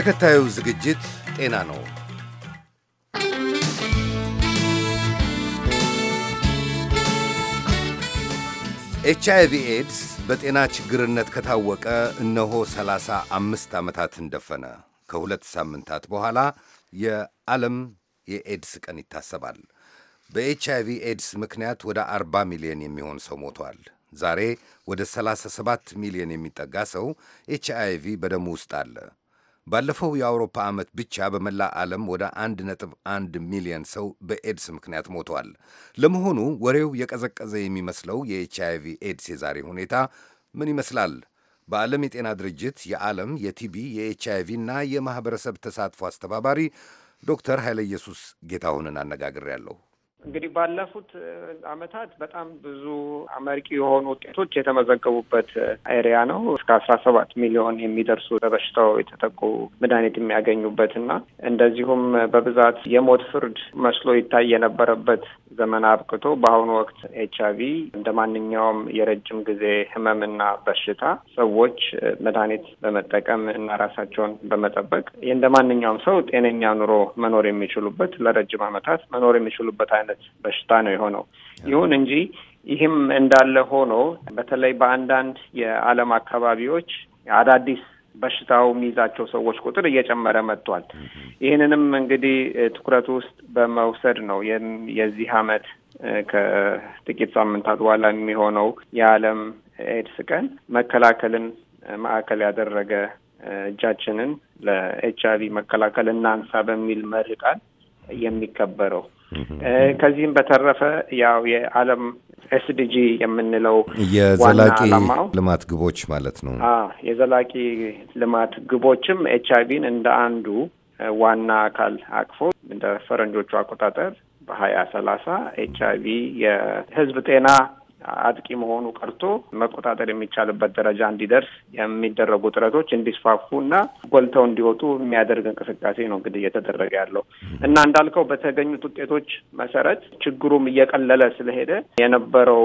ተከታዩ ዝግጅት ጤና ነው። ኤች አይ ቪ ኤድስ በጤና ችግርነት ከታወቀ እነሆ ሰላሳ አምስት ዓመታትን እንደፈነ ከሁለት ሳምንታት በኋላ የዓለም የኤድስ ቀን ይታሰባል። በኤች አይ ቪ ኤድስ ምክንያት ወደ 40 ሚሊዮን የሚሆን ሰው ሞቷል። ዛሬ ወደ 37 ሚሊዮን የሚጠጋ ሰው ኤች ቪ በደሙ ውስጥ አለ። ባለፈው የአውሮፓ ዓመት ብቻ በመላ ዓለም ወደ 1.1 ሚሊዮን ሰው በኤድስ ምክንያት ሞቷል። ለመሆኑ ወሬው የቀዘቀዘ የሚመስለው የኤች አይቪ ኤድስ የዛሬ ሁኔታ ምን ይመስላል? በዓለም የጤና ድርጅት የዓለም የቲቢ የኤች አይቪ እና የማኅበረሰብ ተሳትፎ አስተባባሪ ዶክተር ኃይለ ኢየሱስ ጌታሁንን አነጋግሬያለሁ። እንግዲህ ባለፉት አመታት በጣም ብዙ አመርቂ የሆኑ ውጤቶች የተመዘገቡበት ኤሪያ ነው። እስከ አስራ ሰባት ሚሊዮን የሚደርሱ በበሽታው የተጠቁ መድኃኒት የሚያገኙበት እና እንደዚሁም በብዛት የሞት ፍርድ መስሎ ይታይ የነበረበት ዘመን አብቅቶ በአሁኑ ወቅት ኤች አይቪ እንደ ማንኛውም የረጅም ጊዜ ህመምና በሽታ ሰዎች መድኃኒት በመጠቀም እና ራሳቸውን በመጠበቅ እንደ ማንኛውም ሰው ጤነኛ ኑሮ መኖር የሚችሉበት ለረጅም አመታት መኖር የሚችሉበት አይነት ያለበት በሽታ ነው የሆነው። ይሁን እንጂ ይህም እንዳለ ሆኖ በተለይ በአንዳንድ የዓለም አካባቢዎች አዳዲስ በሽታው የሚይዛቸው ሰዎች ቁጥር እየጨመረ መጥቷል። ይህንንም እንግዲህ ትኩረት ውስጥ በመውሰድ ነው የዚህ ዓመት ከጥቂት ሳምንታት በኋላ የሚሆነው የዓለም ኤድስ ቀን መከላከልን ማዕከል ያደረገ እጃችንን ለኤች አይቪ መከላከል እናንሳ በሚል መርቃል ቃል የሚከበረው ከዚህም በተረፈ ያው የዓለም ኤስዲጂ የምንለው የዘላቂ ልማት ግቦች ማለት ነው። የዘላቂ ልማት ግቦችም ኤች አይቪን እንደ አንዱ ዋና አካል አቅፎ እንደ ፈረንጆቹ አቆጣጠር በሀያ ሰላሳ ኤች አይቪ የህዝብ ጤና አጥቂ መሆኑ ቀርቶ መቆጣጠር የሚቻልበት ደረጃ እንዲደርስ የሚደረጉ ጥረቶች እንዲስፋፉና ጎልተው እንዲወጡ የሚያደርግ እንቅስቃሴ ነው እንግዲህ እየተደረገ ያለው እና እንዳልከው በተገኙት ውጤቶች መሰረት ችግሩም እየቀለለ ስለሄደ የነበረው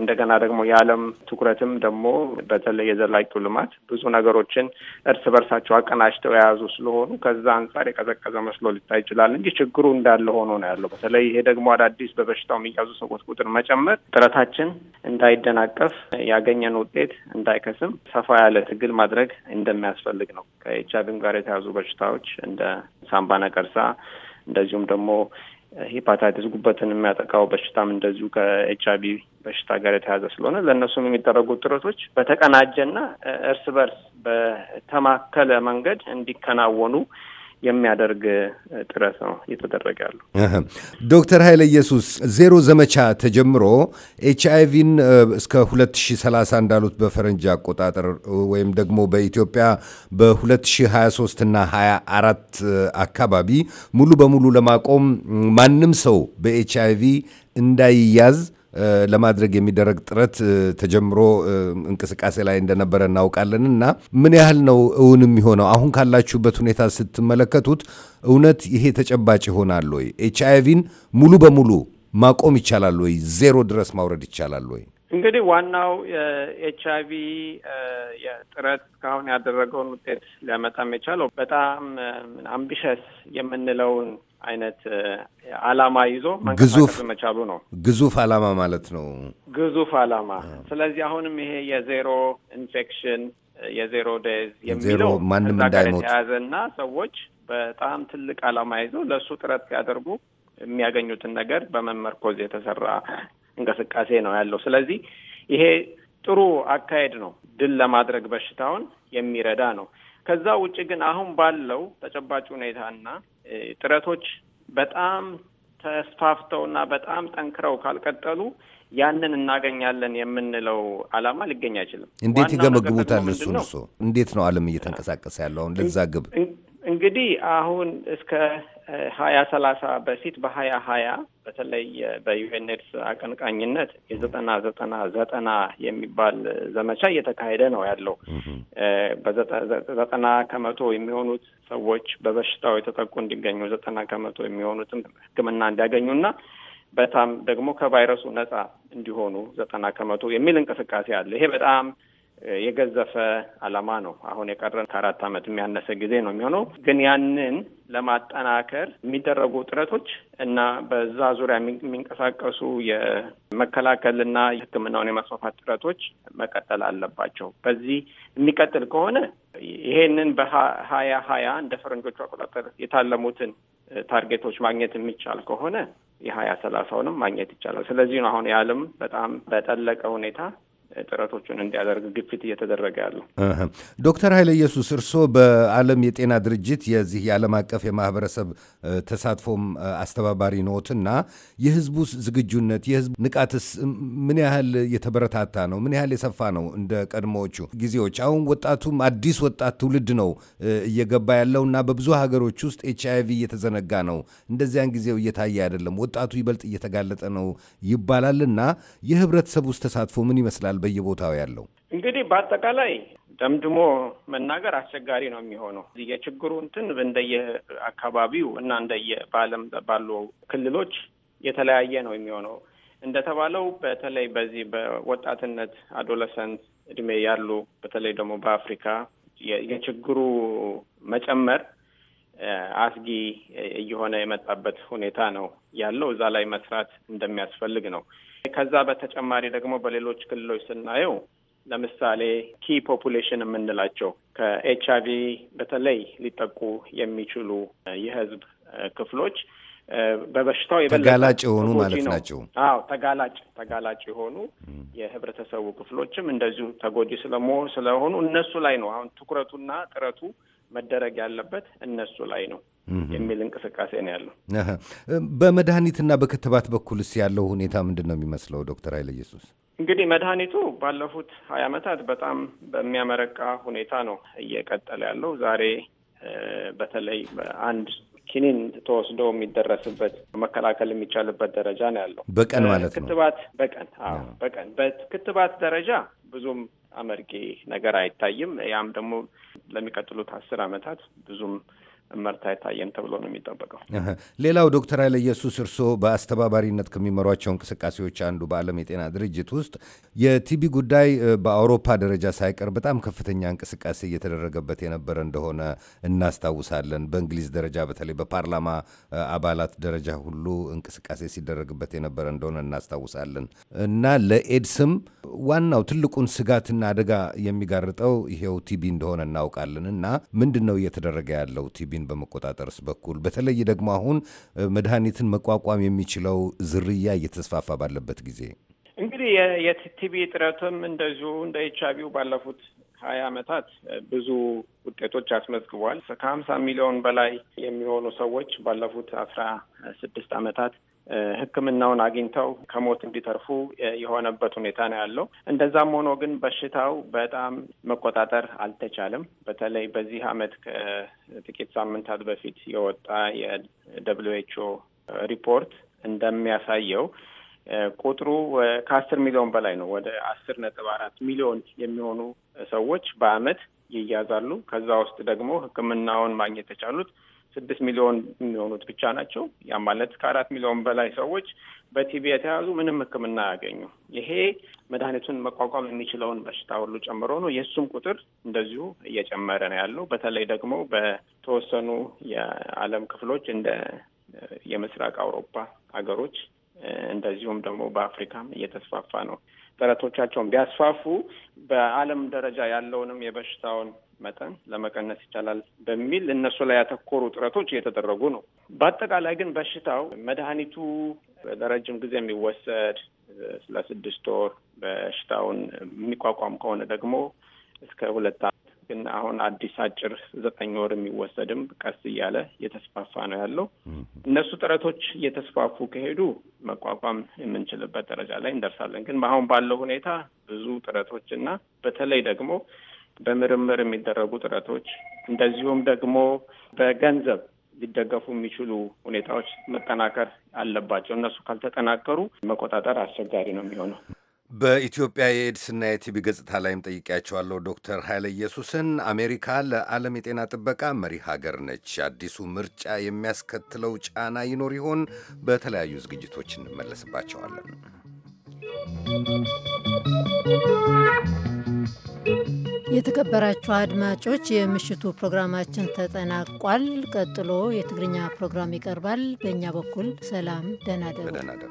እንደገና ደግሞ የዓለም ትኩረትም ደግሞ በተለይ የዘላቂው ልማት ብዙ ነገሮችን እርስ በርሳቸው አቀናጅተው የያዙ ስለሆኑ ከዛ አንጻር የቀዘቀዘ መስሎ ሊታይ ይችላል እንጂ ችግሩ እንዳለ ሆኖ ነው ያለው። በተለይ ይሄ ደግሞ አዳዲስ በበሽታው የሚያዙ ሰዎች ቁጥር መጨመር ጥረታችን እንዳይደናቀፍ ያገኘን ውጤት እንዳይከስም ሰፋ ያለ ትግል ማድረግ እንደሚያስፈልግ ነው። ከኤች አይቪም ጋር የተያዙ በሽታዎች እንደ ሳምባ ነቀርሳ እንደዚሁም ደግሞ ሂፓታይትስ ጉበትን የሚያጠቃው በሽታም እንደዚሁ ከኤች አይቪ በሽታ ጋር የተያዘ ስለሆነ ለእነሱም የሚደረጉ ጥረቶች በተቀናጀና እርስ በርስ በተማከለ መንገድ እንዲከናወኑ የሚያደርግ ጥረት ነው እየተደረገ ያሉ። ዶክተር ኃይለ ኢየሱስ ዜሮ ዘመቻ ተጀምሮ ኤች አይቪን እስከ 2030 እንዳሉት በፈረንጅ አቆጣጠር ወይም ደግሞ በኢትዮጵያ በ2023 እና 24 አካባቢ ሙሉ በሙሉ ለማቆም ማንም ሰው በኤች አይቪ እንዳይያዝ ለማድረግ የሚደረግ ጥረት ተጀምሮ እንቅስቃሴ ላይ እንደነበረ እናውቃለን እና ምን ያህል ነው እውን የሚሆነው? አሁን ካላችሁበት ሁኔታ ስትመለከቱት እውነት ይሄ ተጨባጭ ይሆናል ወይ? ኤች አይቪን ሙሉ በሙሉ ማቆም ይቻላል ወይ? ዜሮ ድረስ ማውረድ ይቻላል ወይ? እንግዲህ ዋናው የኤች አይቪ የጥረት እስካሁን ያደረገውን ውጤት ሊያመጣም የቻለው በጣም አምቢሸስ የምንለውን አይነት አላማ ይዞ ግዙፍ መቻሉ ነው። ግዙፍ አላማ ማለት ነው። ግዙፍ አላማ። ስለዚህ አሁንም ይሄ የዜሮ ኢንፌክሽን የዜሮ ዴዝ የሚለው ማንም እንዳይሞት የተያዘና ሰዎች በጣም ትልቅ አላማ ይዞ ለእሱ ጥረት ሲያደርጉ የሚያገኙትን ነገር በመመርኮዝ የተሰራ እንቅስቃሴ ነው ያለው። ስለዚህ ይሄ ጥሩ አካሄድ ነው። ድል ለማድረግ በሽታውን የሚረዳ ነው። ከዛ ውጭ ግን አሁን ባለው ተጨባጭ ሁኔታና ጥረቶች በጣም ተስፋፍተውና በጣም ጠንክረው ካልቀጠሉ ያንን እናገኛለን የምንለው አላማ ሊገኝ አይችልም። እንዴት ይገመግቡታል? እሱ እሱ እንዴት ነው አለም እየተንቀሳቀሰ ያለው አሁን ግብ እንግዲህ አሁን እስከ ሀያ ሰላሳ በፊት በሀያ ሀያ በተለይ በዩኤንኤድስ አቀንቃኝነት የዘጠና ዘጠና ዘጠና የሚባል ዘመቻ እየተካሄደ ነው ያለው። በዘጠና ከመቶ የሚሆኑት ሰዎች በበሽታው የተጠቁ እንዲገኙ፣ ዘጠና ከመቶ የሚሆኑትም ሕክምና እንዲያገኙና በጣም ደግሞ ከቫይረሱ ነጻ እንዲሆኑ ዘጠና ከመቶ የሚል እንቅስቃሴ አለ። ይሄ በጣም የገዘፈ ዓላማ ነው። አሁን የቀረን ከአራት ዓመት የሚያነሰ ጊዜ ነው የሚሆነው። ግን ያንን ለማጠናከር የሚደረጉ ጥረቶች እና በዛ ዙሪያ የሚንቀሳቀሱ የመከላከልና የሕክምናውን የማስፋፋት ጥረቶች መቀጠል አለባቸው። በዚህ የሚቀጥል ከሆነ ይሄንን በሀያ ሀያ እንደ ፈረንጆቹ አቆጣጠር የታለሙትን ታርጌቶች ማግኘት የሚቻል ከሆነ የሀያ ሰላሳውንም ማግኘት ይቻላል። ስለዚህ ነው አሁን የዓለም በጣም በጠለቀ ሁኔታ ጥረቶቹን እንዲያደርግ ግፊት እየተደረገ ያለው። ዶክተር ኃይለ ኢየሱስ እርስዎ በዓለም የጤና ድርጅት የዚህ የዓለም አቀፍ የማህበረሰብ ተሳትፎም አስተባባሪ ኖትና የህዝቡ ዝግጁነት የህዝቡ ንቃትስ ምን ያህል የተበረታታ ነው? ምን ያህል የሰፋ ነው? እንደ ቀድሞዎቹ ጊዜዎች አሁን ወጣቱም አዲስ ወጣት ትውልድ ነው እየገባ ያለው እና በብዙ ሀገሮች ውስጥ ኤች አይ ቪ እየተዘነጋ ነው። እንደዚያን ጊዜው እየታየ አይደለም። ወጣቱ ይበልጥ እየተጋለጠ ነው ይባላል እና የህብረተሰብ ውስጥ ተሳትፎ ምን ይመስላል? በየቦታው ያለው? እንግዲህ በአጠቃላይ ደምድሞ መናገር አስቸጋሪ ነው የሚሆነው። የችግሩ እንትን እንደየ አካባቢው እና እንደየ በዓለም ባሉ ክልሎች የተለያየ ነው የሚሆነው። እንደተባለው በተለይ በዚህ በወጣትነት አዶለሰንት እድሜ ያሉ በተለይ ደግሞ በአፍሪካ የችግሩ መጨመር አስጊ እየሆነ የመጣበት ሁኔታ ነው ያለው። እዛ ላይ መስራት እንደሚያስፈልግ ነው ከዛ በተጨማሪ ደግሞ በሌሎች ክልሎች ስናየው ለምሳሌ ኪ ፖፑሌሽን የምንላቸው ከኤች አይቪ በተለይ ሊጠቁ የሚችሉ የህዝብ ክፍሎች በበሽታው ተጋላጭ የሆኑ ማለት ናቸው። አዎ ተጋላጭ ተጋላጭ የሆኑ የህብረተሰቡ ክፍሎችም እንደዚሁ ተጎጂ ስለመሆኑ ስለሆኑ እነሱ ላይ ነው አሁን ትኩረቱና ጥረቱ መደረግ ያለበት እነሱ ላይ ነው የሚል እንቅስቃሴ ነው ያለው። በመድኃኒትና በክትባት በኩልስ ያለው ሁኔታ ምንድን ነው የሚመስለው? ዶክተር ኃይለ ኢየሱስ እንግዲህ መድኃኒቱ ባለፉት ሀያ ዓመታት በጣም በሚያመረቃ ሁኔታ ነው እየቀጠለ ያለው። ዛሬ በተለይ በአንድ ኪኒን ተወስዶ የሚደረስበት መከላከል የሚቻልበት ደረጃ ነው ያለው። በቀን ማለት ነው ክትባት በቀን በቀን በክትባት ደረጃ ብዙም አመርቂ ነገር አይታይም። ያም ደግሞ ለሚቀጥሉት አስር አመታት ብዙም መርታ የታየን ተብሎ ነው የሚጠበቀው። ሌላው ዶክተር ኃይለ ኢየሱስ እርስዎ በአስተባባሪነት ከሚመሯቸው እንቅስቃሴዎች አንዱ በዓለም የጤና ድርጅት ውስጥ የቲቢ ጉዳይ በአውሮፓ ደረጃ ሳይቀር በጣም ከፍተኛ እንቅስቃሴ እየተደረገበት የነበረ እንደሆነ እናስታውሳለን። በእንግሊዝ ደረጃ በተለይ በፓርላማ አባላት ደረጃ ሁሉ እንቅስቃሴ ሲደረግበት የነበረ እንደሆነ እናስታውሳለን እና ለኤድስም ዋናው ትልቁን ስጋትና አደጋ የሚጋርጠው ይሄው ቲቢ እንደሆነ እናውቃለን እና ምንድን ነው እየተደረገ ያለው ቲቢ ወረርሽኝን በመቆጣጠርስ በኩል በተለይ ደግሞ አሁን መድኃኒትን መቋቋም የሚችለው ዝርያ እየተስፋፋ ባለበት ጊዜ እንግዲህ የቲቢ ጥረትም እንደዚሁ እንደ ኤች አይቪው ባለፉት ሀያ አመታት ብዙ ውጤቶች አስመዝግቧል። ከሀምሳ ሚሊዮን በላይ የሚሆኑ ሰዎች ባለፉት አስራ ስድስት አመታት ሕክምናውን አግኝተው ከሞት እንዲተርፉ የሆነበት ሁኔታ ነው ያለው። እንደዛም ሆኖ ግን በሽታው በጣም መቆጣጠር አልተቻለም። በተለይ በዚህ ዓመት ከጥቂት ሳምንታት በፊት የወጣ የደብሊው ኤች ኦ ሪፖርት እንደሚያሳየው ቁጥሩ ከአስር ሚሊዮን በላይ ነው። ወደ አስር ነጥብ አራት ሚሊዮን የሚሆኑ ሰዎች በዓመት ይያዛሉ። ከዛ ውስጥ ደግሞ ሕክምናውን ማግኘት የቻሉት ስድስት ሚሊዮን የሚሆኑት ብቻ ናቸው። ያ ማለት ከአራት ሚሊዮን በላይ ሰዎች በቲቪ የተያዙ ምንም ሕክምና አያገኙ። ይሄ መድኃኒቱን መቋቋም የሚችለውን በሽታ ሁሉ ጨምሮ ነው። የእሱም ቁጥር እንደዚሁ እየጨመረ ነው ያለው። በተለይ ደግሞ በተወሰኑ የዓለም ክፍሎች እንደ የምስራቅ አውሮፓ ሀገሮች እንደዚሁም ደግሞ በአፍሪካም እየተስፋፋ ነው። ጥረቶቻቸውን ቢያስፋፉ በዓለም ደረጃ ያለውንም የበሽታውን መጠን ለመቀነስ ይቻላል በሚል እነሱ ላይ ያተኮሩ ጥረቶች እየተደረጉ ነው። በአጠቃላይ ግን በሽታው መድኃኒቱ ለረጅም ጊዜ የሚወሰድ ስለ ስድስት ወር በሽታውን የሚቋቋም ከሆነ ደግሞ እስከ ሁለት ዓመት ግን አሁን አዲስ አጭር ዘጠኝ ወር የሚወሰድም ቀስ እያለ እየተስፋፋ ነው ያለው። እነሱ ጥረቶች እየተስፋፉ ከሄዱ መቋቋም የምንችልበት ደረጃ ላይ እንደርሳለን። ግን አሁን ባለው ሁኔታ ብዙ ጥረቶች እና በተለይ ደግሞ በምርምር የሚደረጉ ጥረቶች እንደዚሁም ደግሞ በገንዘብ ሊደገፉ የሚችሉ ሁኔታዎች መጠናከር አለባቸው። እነሱ ካልተጠናከሩ መቆጣጠር አስቸጋሪ ነው የሚሆነው። በኢትዮጵያ የኤድስና የቲቢ ገጽታ ላይም ጠይቄያቸዋለሁ ዶክተር ኃይለ ኢየሱስን። አሜሪካ ለዓለም የጤና ጥበቃ መሪ ሀገር ነች። አዲሱ ምርጫ የሚያስከትለው ጫና ይኖር ይሆን? በተለያዩ ዝግጅቶች እንመለስባቸዋለን። የተከበራችሁ አድማጮች የምሽቱ ፕሮግራማችን ተጠናቋል። ቀጥሎ የትግርኛ ፕሮግራም ይቀርባል። በእኛ በኩል ሰላም፣ ደህና ደሩ።